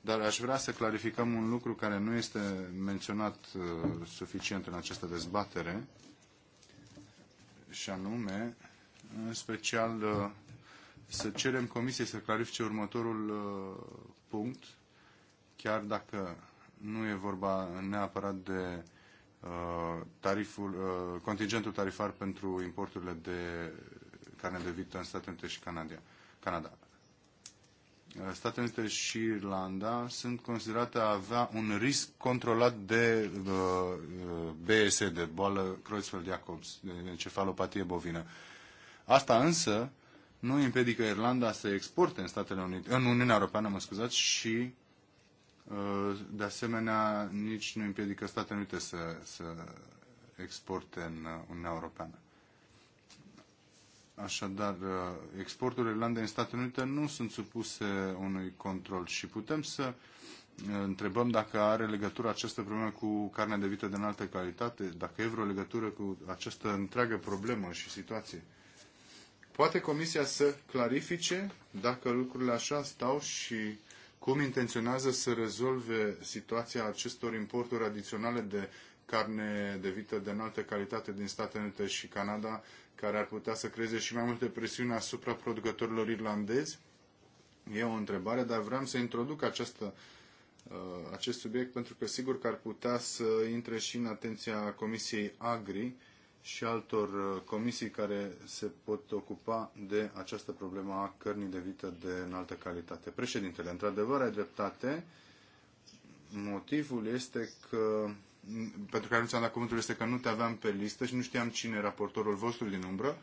dar aș vrea să clarificăm un lucru care nu este menționat uh, suficient în această dezbatere și anume, în special să cerem Comisiei să clarifice următorul uh, punct, chiar dacă nu e vorba neapărat de uh, tariful, uh, contingentul tarifar pentru importurile de carne de vită în Statele Unite și Canada. Canada. Statele Unite și Irlanda sunt considerate a avea un risc controlat de uh, BSD, de boală Creutzfeldt-Jacobs, de encefalopatie bovină. Asta însă nu împiedică Irlanda să exporte în Statele Unite, în Uniunea Europeană, mă scuzați, și uh, de asemenea nici nu împiedică Statele Unite să, să exporte în uh, Uniunea Europeană. Așadar, uh, exporturile Irlandei în Statele Unite nu sunt supuse unui control și putem să întrebăm dacă are legătură această problemă cu carnea de vită de înaltă calitate, dacă e vreo legătură cu această întreagă problemă și situație. Poate Comisia să clarifice dacă lucrurile așa stau și cum intenționează să rezolve situația acestor importuri adiționale de carne de vită de înaltă calitate din Statele Unite și Canada, care ar putea să creeze și mai multe presiuni asupra producătorilor irlandezi? E o întrebare, dar vreau să introduc această, uh, acest subiect pentru că sigur că ar putea să intre și în atenția Comisiei Agri și altor uh, comisii care se pot ocupa de această problemă a cărnii de vită de înaltă calitate. Președintele, într-adevăr, ai dreptate. Motivul este că pentru care nu ți-am dat cuvântul este că nu te aveam pe listă și nu știam cine e raportorul vostru din umbră.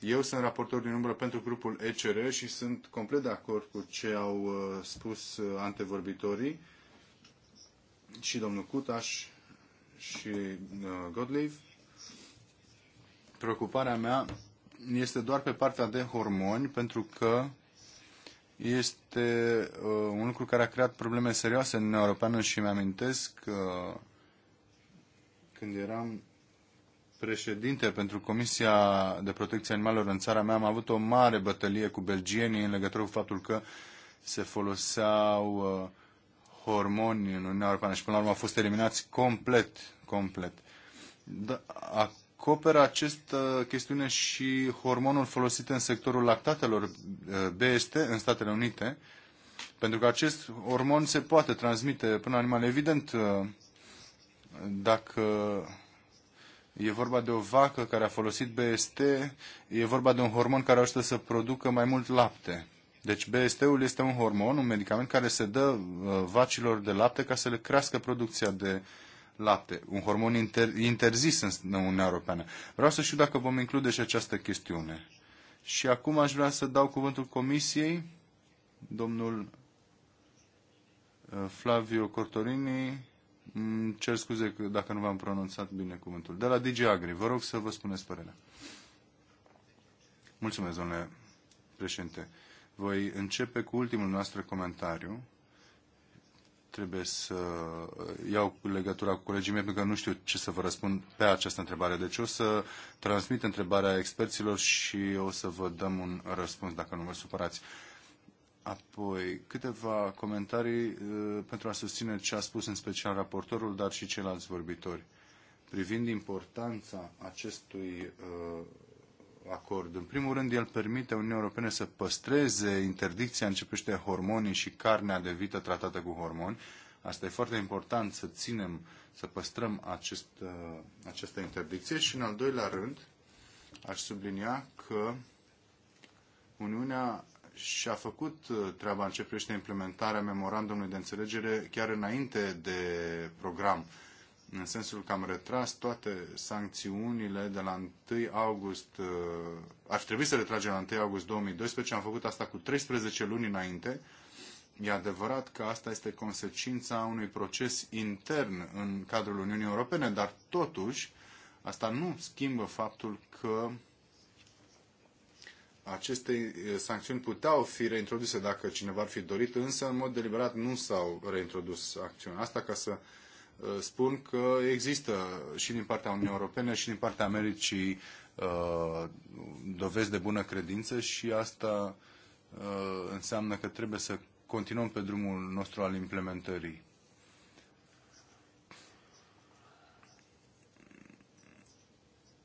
Eu sunt raportor din umbră pentru grupul ECR și sunt complet de acord cu ce au uh, spus uh, antevorbitorii și domnul Cutaș și uh, preocuparea mea este doar pe partea de hormoni, pentru că este uh, un lucru care a creat probleme serioase în Uniunea Europeană și mi-amintesc că uh, când eram președinte pentru Comisia de Protecție Animalelor în țara mea, am avut o mare bătălie cu belgienii în legătură cu faptul că se foloseau uh, hormoni în Uniunea Europeană și până la urmă au fost eliminați complet, complet. Da, acoperă această chestiune și hormonul folosit în sectorul lactatelor eh, BST în Statele Unite, pentru că acest hormon se poate transmite până la animale. Evident, eh, dacă e vorba de o vacă care a folosit BST, e vorba de un hormon care ajută să producă mai mult lapte. Deci BST-ul este un hormon, un medicament care se dă eh, vacilor de lapte ca să le crească producția de lapte, un hormon inter, interzis în Uniunea Europeană. Vreau să știu dacă vom include și această chestiune. Și acum aș vrea să dau cuvântul Comisiei, domnul uh, Flavio Cortorini, mm, cer scuze dacă nu v-am pronunțat bine cuvântul, de la DG Agri. Vă rog să vă spuneți părerea. Mulțumesc, domnule președinte. Voi începe cu ultimul nostru comentariu trebuie să uh, iau legătura cu colegii mei pentru că nu știu ce să vă răspund pe această întrebare. Deci o să transmit întrebarea experților și o să vă dăm un răspuns dacă nu vă supărați. Apoi, câteva comentarii uh, pentru a susține ce a spus în special raportorul, dar și ceilalți vorbitori privind importanța acestui uh, acord. În primul rând, el permite Uniunii Europene să păstreze interdicția în ce privește hormonii și carnea de vită tratată cu hormoni. Asta e foarte important să ținem, să păstrăm acest, uh, această interdicție. Și în al doilea rând, aș sublinia că Uniunea și-a făcut uh, treaba în ce privește implementarea memorandumului de înțelegere chiar înainte de program în sensul că am retras toate sancțiunile de la 1 august, uh, ar trebui să retragem la 1 august 2012, am făcut asta cu 13 luni înainte. E adevărat că asta este consecința unui proces intern în cadrul Uniunii Europene, dar totuși asta nu schimbă faptul că aceste uh, sancțiuni puteau fi reintroduse dacă cineva ar fi dorit, însă în mod deliberat nu s-au reintrodus acțiunea asta ca să Uh, spun că există și din partea Uniunii Europene și din partea Americii uh, dovezi de bună credință și asta uh, înseamnă că trebuie să continuăm pe drumul nostru al implementării.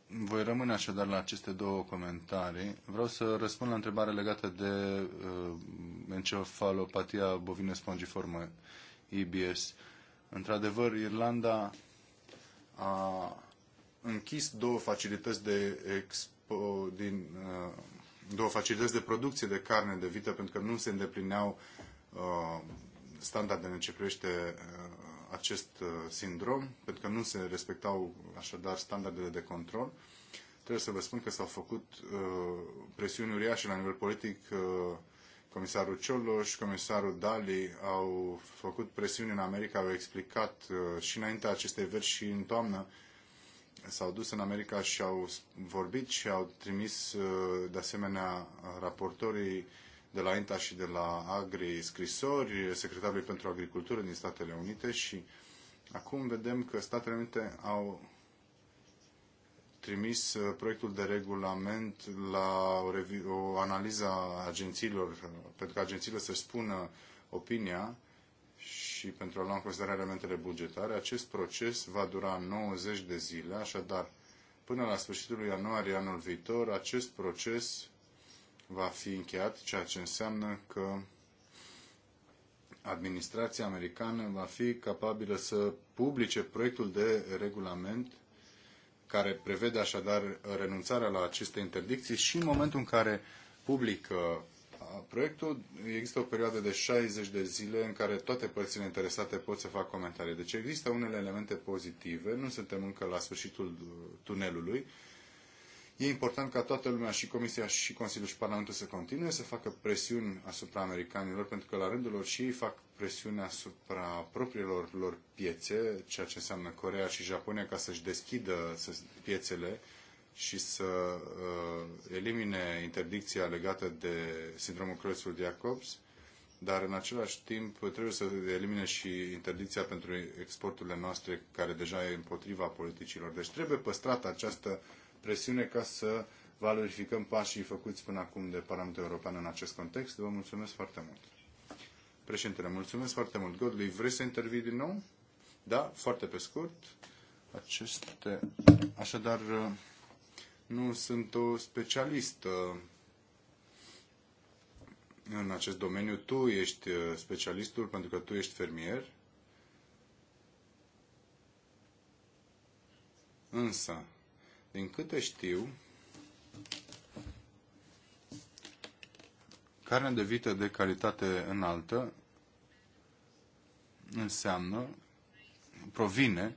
Voi rămâne așadar la aceste două comentarii. Vreau să răspund la întrebare legată de uh, encefalopatia bovine spongiformă, IBS. Uh, Într-adevăr, Irlanda a închis două facilități de expo, din, uh, două facilități de producție de carne de vită pentru că nu se îndeplineau uh, standardele în ce privește uh, acest sindrom, pentru că nu se respectau așadar standardele de control. Trebuie să vă spun că s-au făcut presiuni uriașe la nivel politic comisarul Cioloș, comisarul Dali au făcut presiuni în America, au explicat uh, și înaintea acestei veri și în toamnă, s-au dus în America și au vorbit și au trimis uh, de asemenea raportorii de la INTA și de la Agri scrisori, secretarului pentru agricultură din Statele Unite și acum vedem că Statele Unite au trimis uh, proiectul de regulament la o, o analiză a agențiilor, uh, pentru că agențiile să spună opinia și pentru a lua în considerare elementele bugetare. Acest proces va dura 90 de zile, așadar, până la sfârșitul ianuarie anul viitor, acest proces va fi încheiat, ceea ce înseamnă că administrația americană va fi capabilă să publice proiectul de regulament care prevede așadar renunțarea la aceste interdicții și în momentul în care publică uh, proiectul, există o perioadă de 60 de zile în care toate părțile interesate pot să facă comentarii. Deci există unele elemente pozitive, nu suntem încă la sfârșitul uh, tunelului, E important ca toată lumea, și Comisia, și Consiliul, și Parlamentul să continue să facă presiuni asupra americanilor, pentru că la rândul lor și ei fac presiune asupra propriilor lor piețe, ceea ce înseamnă Corea și Japonia, ca să-și deschidă piețele și să uh, elimine interdicția legată de sindromul Creutzfeldt Jacobs, dar în același timp trebuie să elimine și interdicția pentru exporturile noastre care deja e împotriva politicilor. Deci trebuie păstrată această presiune ca să valorificăm pașii făcuți până acum de Parlamentul European în acest context. Vă mulțumesc foarte mult. Președintele, mulțumesc foarte mult. Godley, vrei să intervii din nou? Da, foarte pe scurt. Aceste... Așadar, nu sunt o specialistă în acest domeniu. Tu ești uh, specialistul pentru că tu ești fermier. Însă, din câte știu, carne de vită de calitate înaltă înseamnă, provine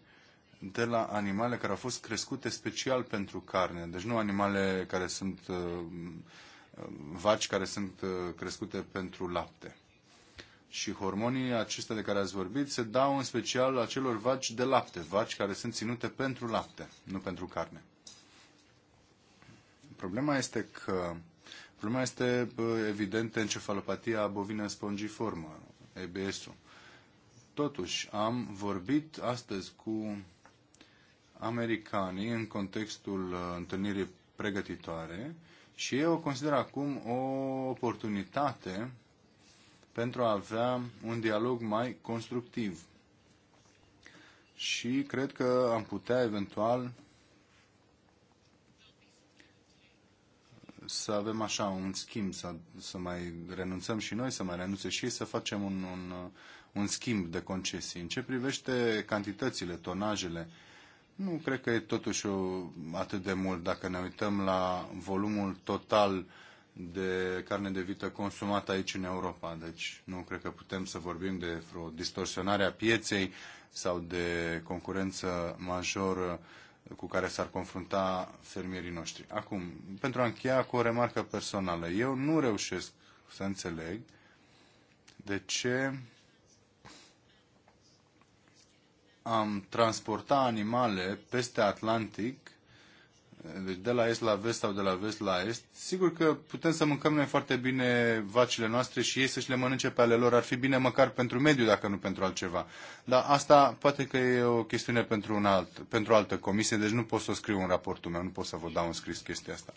de la animale care au fost crescute special pentru carne. Deci nu animale care sunt uh, uh, vaci care sunt uh, crescute pentru lapte. Și hormonii acestea de care ați vorbit se dau în special acelor vaci de lapte, vaci care sunt ținute pentru lapte, nu pentru carne. Problema este că problema este evident encefalopatia bovină spongiformă, EBS-ul. Totuși, am vorbit astăzi cu americanii în contextul uh, întâlnirii pregătitoare și eu o consider acum o oportunitate pentru a avea un dialog mai constructiv. Și cred că am putea eventual să avem așa un schimb, să, să mai renunțăm și noi, să mai renunțe și ei, să facem un, un, un schimb de concesii. În ce privește cantitățile, tonajele, nu cred că e totuși o, atât de mult dacă ne uităm la volumul total de carne de vită consumată aici în Europa. Deci nu cred că putem să vorbim de vreo distorsionare a pieței sau de concurență majoră cu care s-ar confrunta fermierii noștri. Acum, pentru a încheia cu o remarcă personală, eu nu reușesc să înțeleg de ce am transporta animale peste Atlantic deci de la est la vest sau de la vest la est, sigur că putem să mâncăm noi foarte bine vacile noastre și ei să-și le mănânce pe ale lor. Ar fi bine măcar pentru mediu, dacă nu pentru altceva. Dar asta poate că e o chestiune pentru, un alt, pentru altă comisie, deci nu pot să o scriu în raportul meu, nu pot să vă dau în scris chestia asta.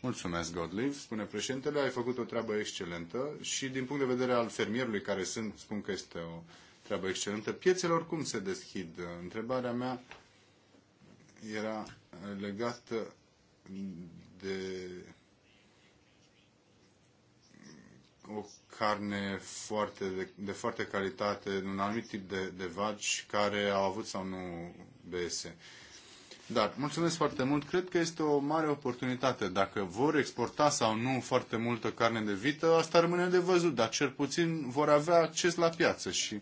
Mulțumesc, Godliv, spune președintele, ai făcut o treabă excelentă și din punct de vedere al fermierului care sunt, spun că este o treabă excelentă. Piețelor cum se deschid? Întrebarea mea era legată de o carne foarte, de, de foarte calitate, un anumit tip de, de vaci care au avut sau nu BS. Dar, mulțumesc foarte mult, cred că este o mare oportunitate. Dacă vor exporta sau nu foarte multă carne de vită, asta rămâne de văzut, dar cel puțin vor avea acces la piață și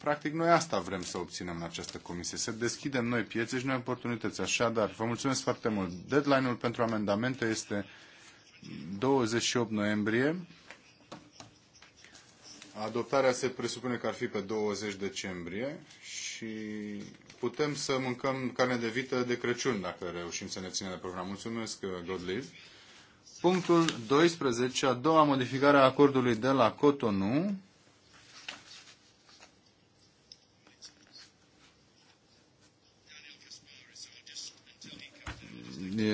practic, noi asta vrem să obținem în această comisie, să deschidem noi piețe și noi oportunități. Așadar, vă mulțumesc foarte mult. Deadline-ul pentru amendamente este 28 noiembrie. Adoptarea se presupune că ar fi pe 20 decembrie și putem să mâncăm carne de vită de Crăciun dacă reușim să ne ținem de program. Mulțumesc, Godliv. Punctul 12, a doua modificare a acordului de la Cotonou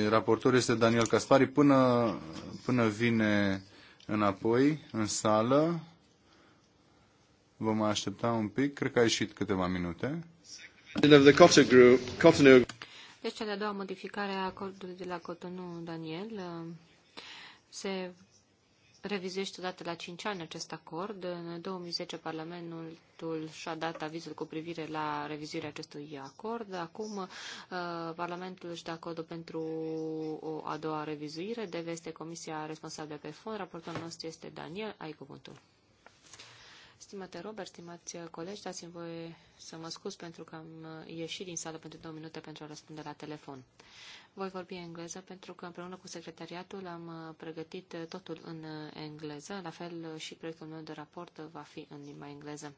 Raportor este Daniel Caspari. Până, până vine înapoi, în sală, vom aștepta un pic. Cred că a ieșit câteva minute. Deci, cea de-a doua modificare a acordului de la Cotonou, Daniel, se revizuiește odată la 5 ani acest acord. În 2010 Parlamentul și-a dat avizul cu privire la revizuirea acestui acord. Acum uh, Parlamentul își dă acordul pentru o a doua revizuire. DV este Comisia responsabilă pe fond. Raportul nostru este Daniel. Ai cuvântul. Stimate Robert, stimați colegi, dați-mi voie să mă scuz pentru că am ieșit din sală pentru două minute pentru a răspunde la telefon. Voi vorbi engleză pentru că împreună cu secretariatul am pregătit totul în engleză, la fel și proiectul meu de raport va fi în limba engleză.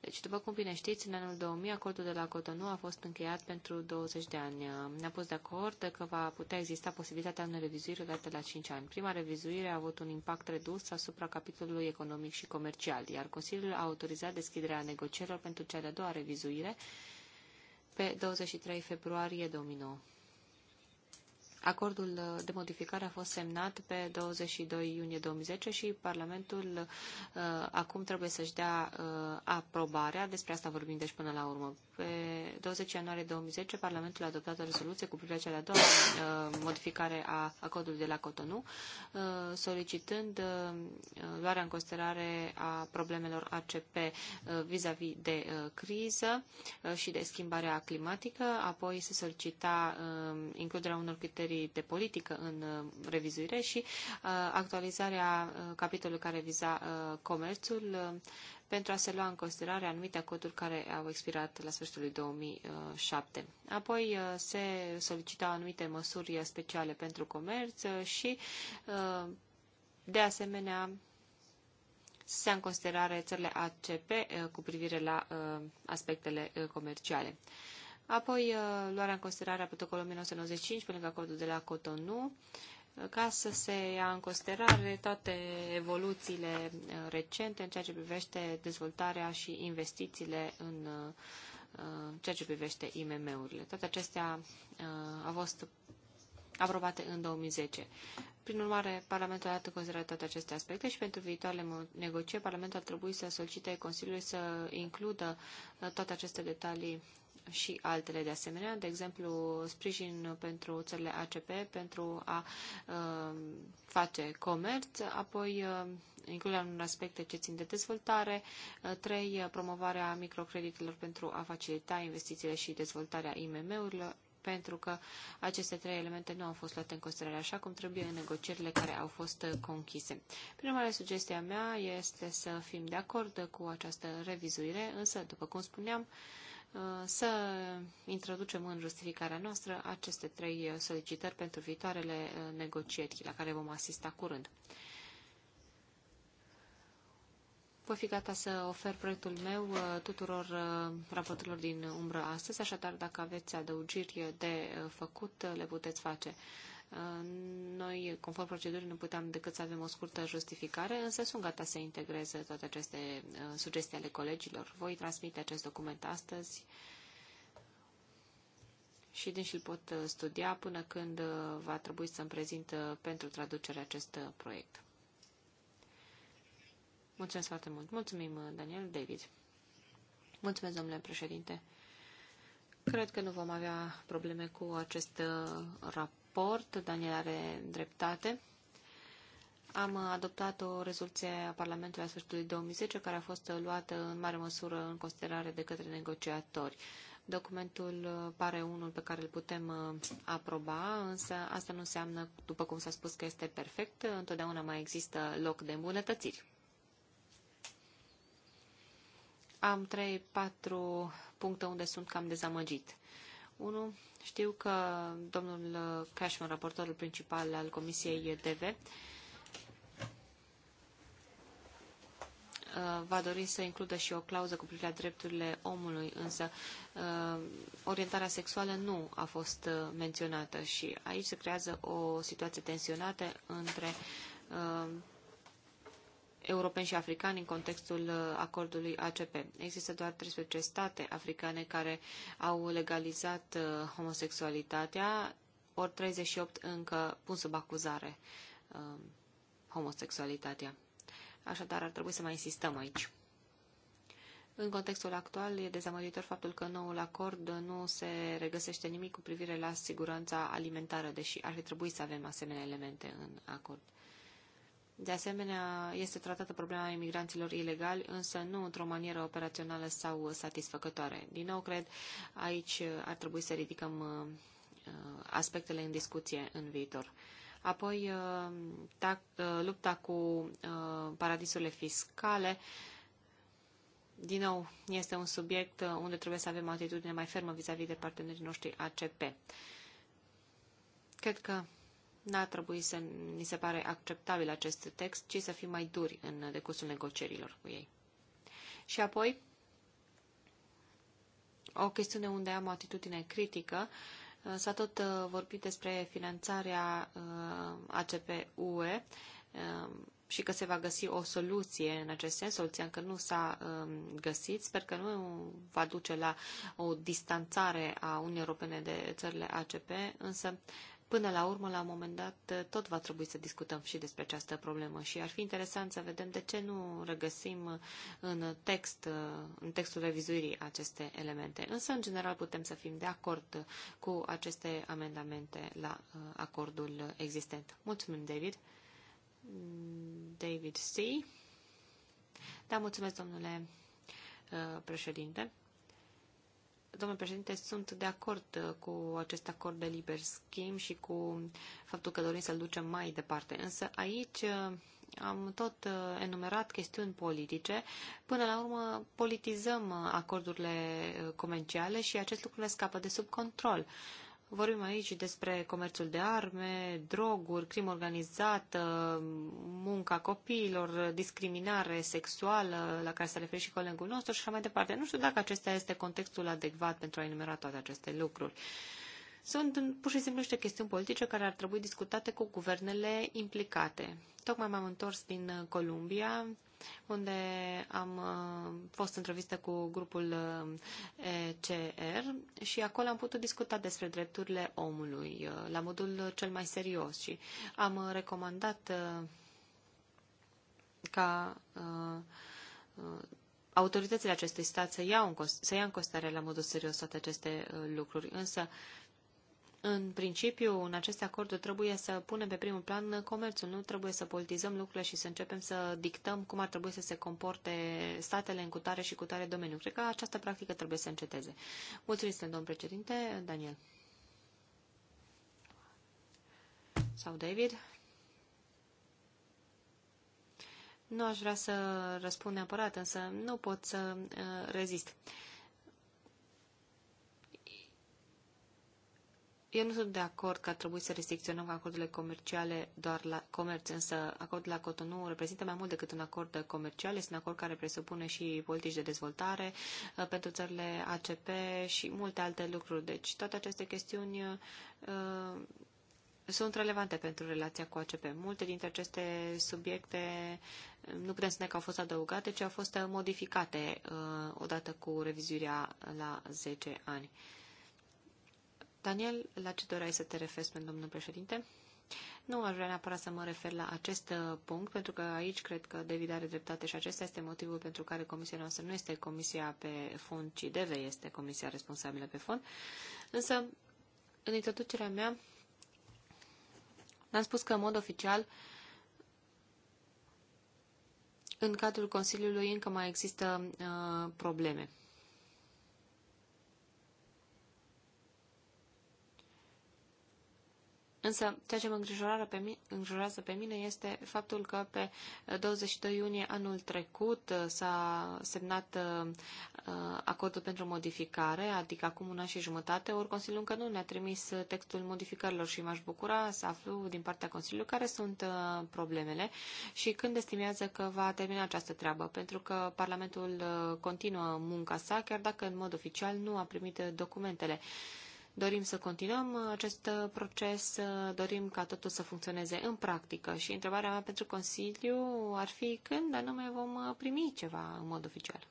Deci, după cum bine știți, în anul 2000 acordul de la Cotonou a fost încheiat pentru 20 de ani. Ne-am pus de acord că va putea exista posibilitatea unei revizuiri odată la 5 ani. Prima revizuire a avut un impact redus asupra capitolului economic și comercial, iar Consiliul a autorizat deschiderea negocierilor pentru cea de-a doua revizuire pe 23 februarie 2009. Acordul uh, de modificare a fost semnat pe 22 iunie 2010 și Parlamentul uh, acum trebuie să-și dea uh, aprobarea. Despre asta vorbim deci până la urmă pe 20 ianuarie 2010, Parlamentul a adoptat o rezoluție cu privire la cea de-a doua uh, modificare a acordului de la Cotonou, uh, solicitând uh, luarea în considerare a problemelor ACP vis-a-vis -vis de criză și de schimbarea climatică, apoi se solicita includerea unor criterii de politică în revizuire și actualizarea capitolului care viza comerțul pentru a se lua în considerare anumite acorduri care au expirat la sfârșitul lui 2007. Apoi uh, se solicitau anumite măsuri speciale pentru comerț uh, și, uh, de asemenea, se ia în considerare țările ACP cu privire la aspectele comerciale. Apoi, luarea în considerare a protocolului 1995 pe lângă acordul de la Cotonou, ca să se ia în considerare toate evoluțiile uh, recente în ceea ce privește dezvoltarea și investițiile în uh, uh, ceea ce privește IMM-urile. Toate acestea au fost aprobate în 2010. Prin urmare, Parlamentul a dat în considerare toate aceste aspecte și pentru viitoarele negocieri, Parlamentul ar trebui să solicite Consiliului să includă toate aceste detalii și altele de asemenea, de exemplu, sprijin pentru țările ACP pentru a uh, face comerț, apoi uh, includerea unor aspecte ce țin de dezvoltare, uh, trei, uh, promovarea microcreditelor pentru a facilita investițiile și dezvoltarea IMM-urilor, pentru că aceste trei elemente nu au fost luate în considerare așa cum trebuie în negocierile care au fost uh, conchise. Prima urmare, sugestia mea este să fim de acord cu această revizuire, însă, după cum spuneam, uh, Uh, să introducem în justificarea noastră aceste trei uh, solicitări pentru viitoarele uh, negocieri la care vom asista curând. Voi fi gata să ofer proiectul meu tuturor raporturilor din umbră astăzi, așadar dacă aveți adăugiri de făcut, le puteți face. Noi, conform procedurii, nu puteam decât să avem o scurtă justificare, însă sunt gata să integrez toate aceste uh, sugestii ale colegilor. Voi transmite acest document astăzi și din și pot uh, studia până când uh, va trebui să-mi prezint pentru traducere acest proiect. Mulțumesc foarte mult. Mulțumim, Daniel David. Mulțumesc, domnule președinte. Cred că nu vom avea probleme cu acest raport raport, Daniel are dreptate. Am adoptat o rezoluție a Parlamentului a sfârșitului 2010, care a fost luată în mare măsură în considerare de către negociatori. Documentul pare unul pe care îl putem uh, aproba, însă asta nu înseamnă, după cum s-a spus, că este perfect. Întotdeauna mai există loc de îmbunătățiri. Am 3-4 puncte unde sunt cam dezamăgit. 1. Știu că domnul Cashman, raportorul principal al Comisiei DV, uh, va dori să includă și o clauză cu privire la drepturile omului, însă uh, orientarea sexuală nu a fost uh, menționată și aici se creează o situație tensionată între europeni și africani în contextul uh, acordului ACP. Există doar 13 state africane care au legalizat uh, homosexualitatea, ori 38 încă pun sub acuzare um, homosexualitatea. Așadar, ar trebui să mai insistăm aici. În contextul actual, e dezamăgitor faptul că noul acord nu se regăsește nimic cu privire la siguranța alimentară, deși ar fi trebuit să avem asemenea elemente în acord. De asemenea, este tratată problema imigranților ilegali, însă nu într-o manieră operațională sau satisfăcătoare. Din nou, cred, aici ar trebui să ridicăm uh, uh, aspectele în discuție în viitor. Apoi, uh, lupta cu paradisurile fiscale. Din nou, este un subiect unde trebuie să avem o atitudine mai fermă vis-a-vis -vis de partenerii noștri ACP. Cred că N-ar trebui să ni se pare acceptabil acest text, ci să fim mai duri în decursul negocierilor cu ei. Și apoi, o chestiune unde am o atitudine critică, s-a tot uh, vorbit despre finanțarea uh, ACP-UE um, și că se va găsi o soluție în acest sens, soluția încă nu s-a um, găsit, sper că nu va duce la o distanțare a Uniunii Europene de țările ACP, însă Până la urmă, la un moment dat, tot va trebui să discutăm și despre această problemă și ar fi interesant să vedem de ce nu regăsim în text, în textul revizuirii aceste elemente. Însă, în general, putem să fim de acord cu aceste amendamente la uh, acordul existent. Mulțumim, David. David C. Da, mulțumesc, domnule uh, președinte. Domnule președinte, sunt de acord uh, cu acest acord de liber schimb și cu faptul că dorim să-l ducem mai departe. Însă aici uh, am tot uh, enumerat chestiuni politice. Până la urmă politizăm acordurile comerciale și acest lucru ne scapă de sub control. Uh, Vorbim aici despre comerțul de arme, droguri, crimă organizată, munca copiilor, discriminare sexuală, la care se referi și colegul nostru și așa mai departe. Nu știu dacă acesta este contextul adecvat pentru a enumera toate aceste lucruri. Sunt pur și simplu niște chestiuni politice care ar trebui discutate cu guvernele implicate. Tocmai m-am întors din Columbia unde am uh, fost într-o vizită cu grupul uh, ECR și acolo am putut discuta despre drepturile omului uh, la modul cel mai serios și am recomandat ca autoritățile acestui stat să ia, în, să ia în considerare la modul serios toate aceste lucruri. Însă, în principiu, în aceste acorduri trebuie să punem pe primul plan comerțul, nu trebuie să politizăm lucrurile și să începem să dictăm cum ar trebui să se comporte statele în cutare și cutare domeniu. Cred că această practică trebuie să înceteze. Mulțumesc, domn președinte, Daniel. Sau David. Nu aș vrea să răspund neapărat, însă nu pot să uh, rezist. Eu nu sunt de acord că ar trebui să restricționăm acordurile comerciale doar la comerț, însă acordul la Cotonou reprezintă mai mult decât un acord comercial, este un acord care presupune și politici de dezvoltare uh, pentru țările ACP și multe alte lucruri. Deci toate aceste chestiuni uh, sunt relevante pentru relația cu ACP. Multe dintre aceste subiecte uh, nu putem spune că au fost adăugate, ci au fost modificate uh, odată cu revizuirea la 10 ani. Uh, Daniel, la ce doreai să te referi, spune domnul președinte? Nu aș vrea neapărat să mă refer la acest uh, punct, pentru că aici cred că David are dreptate și acesta este motivul pentru care comisia noastră nu este comisia pe fond, ci DEVE este comisia responsabilă pe fond. Însă, în introducerea mea, am spus că, în mod oficial, în cadrul Consiliului încă mai există uh, probleme. Însă, ceea ce mă îngrijorează pe, mine, îngrijorează pe mine este faptul că pe 22 uh, iunie anul trecut uh, s-a semnat uh, acordul pentru modificare, adică acum un an și jumătate, ori Consiliul încă nu ne-a trimis textul modificărilor și m-aș bucura să aflu din partea Consiliului care sunt problemele și când estimează că va termina această treabă, pentru că Parlamentul continuă munca sa, chiar dacă în mod oficial nu a primit documentele. Uh, Dorim să continuăm acest proces, dorim ca totul să funcționeze în practică și întrebarea mea pentru Consiliu ar fi când anume vom primi ceva în mod oficial.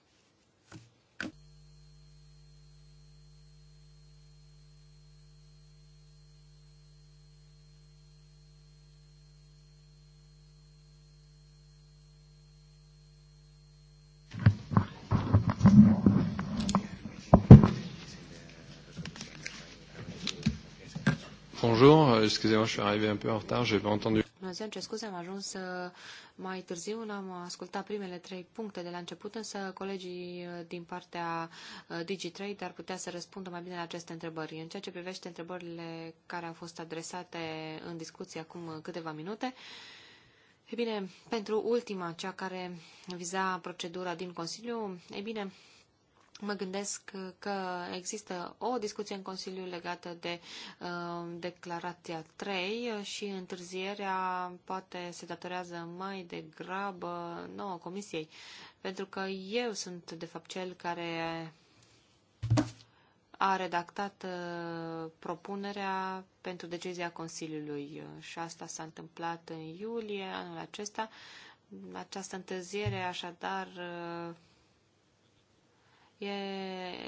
bonjour. Euh, excusez-moi, je suis arrivé un peu en retard, j'ai pas entendu. Bună ziua, ce scuze, am ajuns uh, mai târziu, n-am ascultat primele trei puncte de la început, însă colegii uh, din partea uh, DigiTrade ar putea să răspundă mai bine la aceste întrebări. În ceea ce privește întrebările care au fost adresate în discuție acum câteva minute, e bine, pentru ultima, cea care viza procedura din Consiliu, e bine, Mă gândesc că există o discuție în Consiliu legată de uh, declarația 3 și întârzierea poate se datorează mai degrabă nouă comisiei, pentru că eu sunt de fapt cel care a redactat uh, propunerea pentru decizia Consiliului și asta s-a întâmplat în iulie anul acesta. Această întârziere așadar uh, e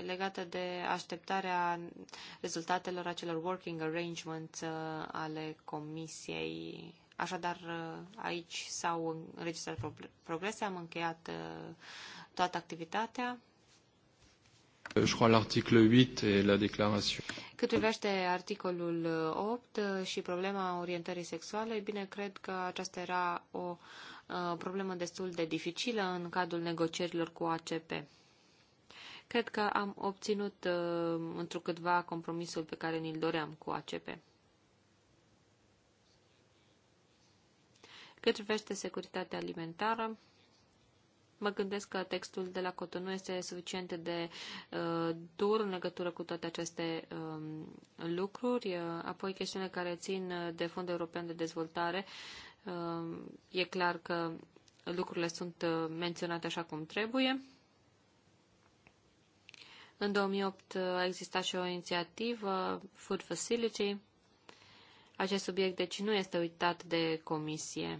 legată de așteptarea rezultatelor acelor working arrangements uh, ale comisiei. Așadar, uh, aici s-au înregistrat progrese, am încheiat uh, toată activitatea. Euh, je crois l'article 8 et la déclaration. Cât privește articolul 8 și problema orientării sexuale, bine, cred că aceasta era o problemă destul de dificilă în cadrul negocierilor cu ACP. Cred că am obținut uh, întrucâtva compromisul pe care ni-l doream cu ACP. Cât privește securitatea alimentară, mă gândesc că textul de la Cotonou este suficient de uh, dur în legătură cu toate aceste uh, lucruri. Uh, apoi, chestiunile care țin uh, de Fondul European de Dezvoltare, uh, e clar că lucrurile sunt uh, menționate așa cum trebuie. În 2008 uh, a existat și o inițiativă, Food Facility. Acest subiect, deci, nu este uitat de comisie.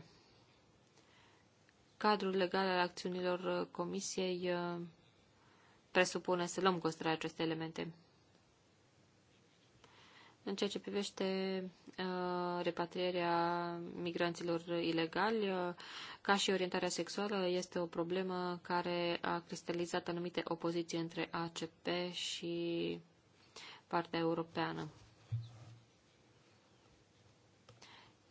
Cadrul legal al acțiunilor uh, comisiei uh, presupune să luăm în considerare aceste elemente. În ceea ce privește uh, repatrierea migranților ilegali, uh, ca și orientarea sexuală, este o problemă care a cristalizat anumite opoziții între ACP și partea europeană.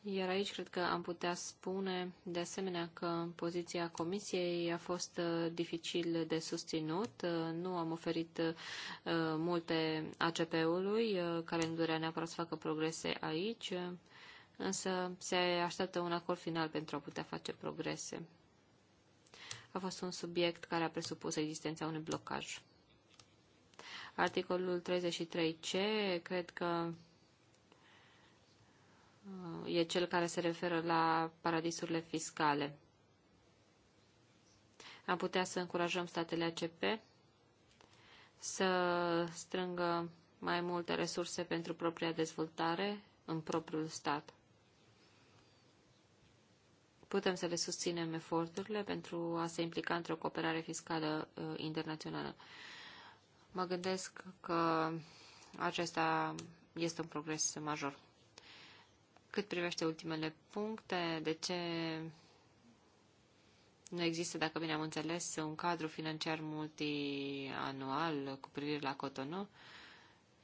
Iar aici cred că am putea spune de asemenea că poziția comisiei a fost uh, dificil de susținut. Uh, nu am oferit uh, multe ACP-ului, care nu dorea neapărat să facă progrese aici, însă se așteaptă un acord final pentru a putea face progrese. A fost un subiect care a presupus existența unui blocaj. Articolul 33C, cred că e cel care se referă la paradisurile fiscale. Am putea să încurajăm statele ACP să strângă mai multe resurse pentru propria dezvoltare în propriul stat. Putem să le susținem eforturile pentru a se implica într-o cooperare fiscală uh, internațională. Mă gândesc că acesta este un progres major. Cât privește ultimele puncte, de ce nu există, dacă bine am înțeles, un cadru financiar multianual cu privire la Cotonou?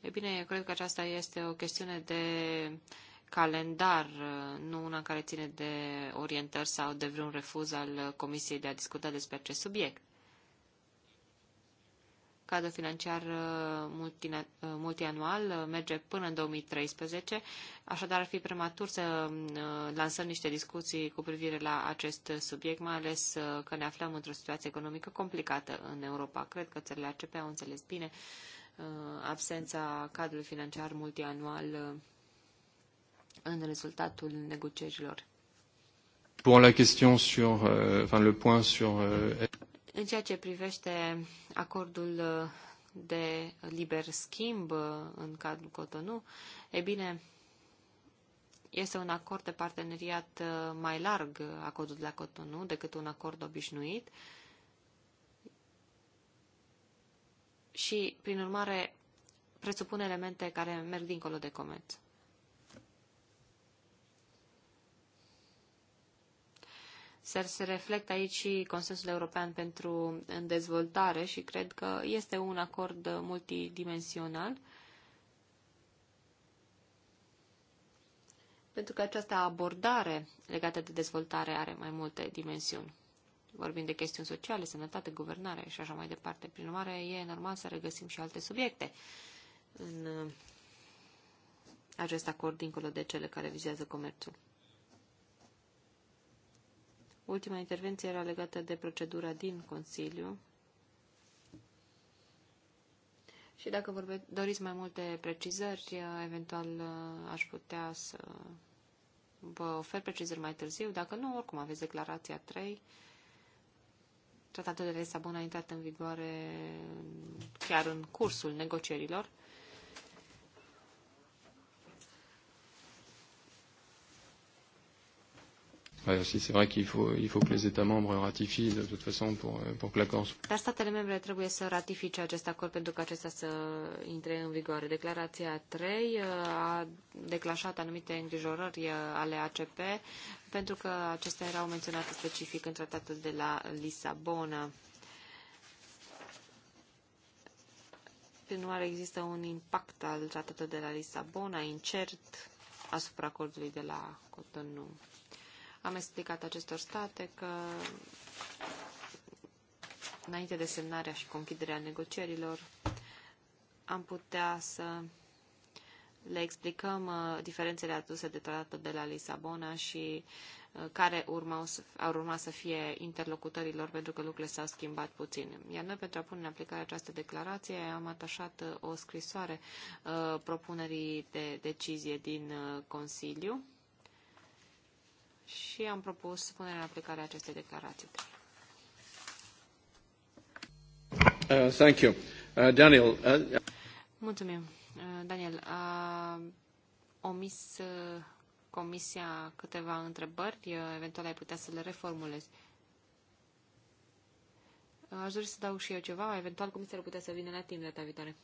E bine, eu cred că aceasta este o chestiune de calendar, nu una care ține de orientări sau de vreun refuz al Comisiei de a discuta despre acest subiect cadru financiar uh, uh, multianual uh, merge până în 2013, așadar ar fi prematur să lansăm niște discuții cu privire la acest subiect, mai ales că ne aflăm într-o situație economică complicată în Europa. Cred că țările ACP au înțeles bine absența cadrului financiar multianual în rezultatul negocierilor. Pour la question sur, euh, enfin le point sur. Euh... În ceea ce privește acordul de liber schimb în cadrul Cotonou, e bine, este un acord de parteneriat uh, mai larg, acordul de la Cotonou, decât un acord obișnuit. Și, prin urmare, presupune elemente care merg dincolo de comerț. să se reflectă aici și consensul european pentru dezvoltare și cred că este un acord multidimensional. Pentru că această abordare legată de dezvoltare are mai multe dimensiuni. Vorbim de chestiuni sociale, sănătate, guvernare și așa mai departe. Prin urmare, e normal să regăsim și alte subiecte în uh, acest acord dincolo de cele care vizează comerțul. Ultima intervenție era legată de procedura din Consiliu. Și dacă vorbe, doriți mai multe precizări, eventual uh, aș putea să vă ofer precizări mai târziu. Dacă nu, oricum aveți declarația 3. Tratatul de Lisabona a intrat în vigoare chiar în cursul negocierilor. Ouais, aussi, c'est vrai qu'il faut, il faut que les États membres ratifient de toute façon pour, pour que l'accord. Dar statele membre trebuie să ratifice acest acord pentru ca acesta să intre în vigoare. Declarația 3 uh, a declanșat anumite îngrijorări uh, ale ACP pentru că acestea erau menționate specific în tratatul de la Lisabona. Prin urmare, există un impact al tratatului de la Lisabona incert asupra acordului de la Cotonou. Am explicat acestor state că înainte de semnarea și conchiderea negocierilor am putea să le explicăm uh, diferențele aduse de tratatul de la Lisabona și uh, care urmau, ar urma să fie interlocutorilor, pentru că lucrurile s-au schimbat puțin. Iar noi, pentru a pune în aplicare această declarație, am atașat uh, o scrisoare uh, propunerii de decizie din Consiliu și am propus punerea în aplicare a acestei declarații. Uh, thank you. Uh, Daniel. Uh... Mulțumim. Uh, Daniel, a omis uh, Comisia câteva întrebări, uh, eventual ai putea să le reformulezi. Uh, aș dori să dau și eu ceva, eventual Comisia ar putea să vină la timp data viitoare.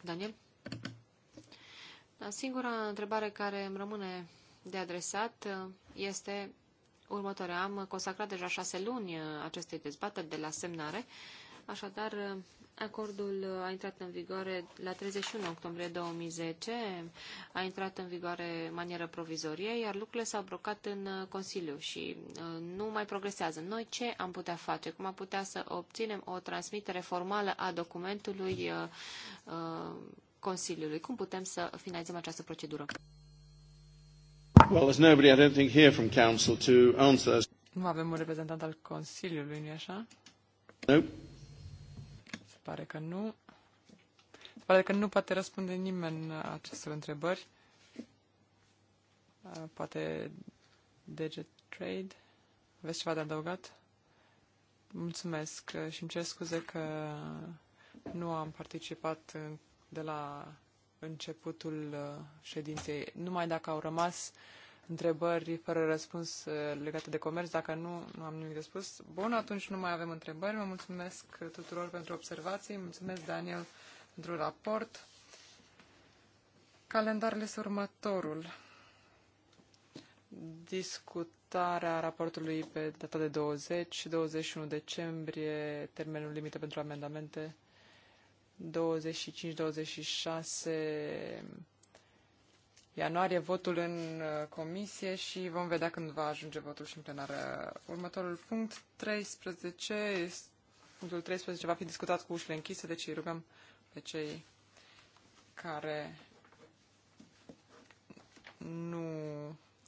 Daniel? Da, singura întrebare care îmi rămâne de adresat este următoarea. Am consacrat deja șase luni acestei dezbateri de la semnare, așadar acordul a intrat în vigoare la 31 octombrie 2010, a intrat în vigoare manieră provizorie, iar lucrurile s-au blocat în Consiliu și uh, nu mai progresează. Noi ce am putea face? Cum am putea să obținem o transmitere formală a documentului uh, uh, Consiliului? Cum putem să finalizăm această procedură? Nu avem un reprezentant al Consiliului, nu-i așa? Nu. Nope. Se pare că nu. Se pare că nu poate răspunde nimeni acestor întrebări. Poate Digit Trade. Aveți ceva de adăugat? Mulțumesc și îmi cer scuze că nu am participat de la începutul uh, ședinței, numai dacă au rămas întrebări fără răspuns uh, legate de comerț. Dacă nu, nu am nimic de spus. Bun, atunci nu mai avem întrebări. Vă mulțumesc tuturor pentru observații. Mulțumesc, Daniel, pentru raport. Calendarul este următorul. Discutarea raportului pe data de 20, și 21 decembrie, termenul limită pentru amendamente 25-26 ianuarie votul în uh, comisie și vom vedea când va ajunge votul și în plenară. Următorul punct 13, punctul 13 va fi discutat cu ușile închise, deci îi rugăm pe cei care nu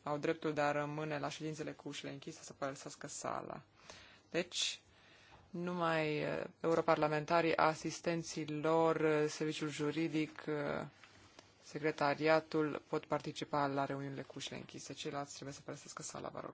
au dreptul de a rămâne la ședințele cu ușile închise să părăsească sala. Deci, numai uh, europarlamentarii, asistenții lor, uh, serviciul juridic, uh, secretariatul pot participa la reuniunile cu ușile închise. Ceilalți trebuie să părăsească sala, vă rog.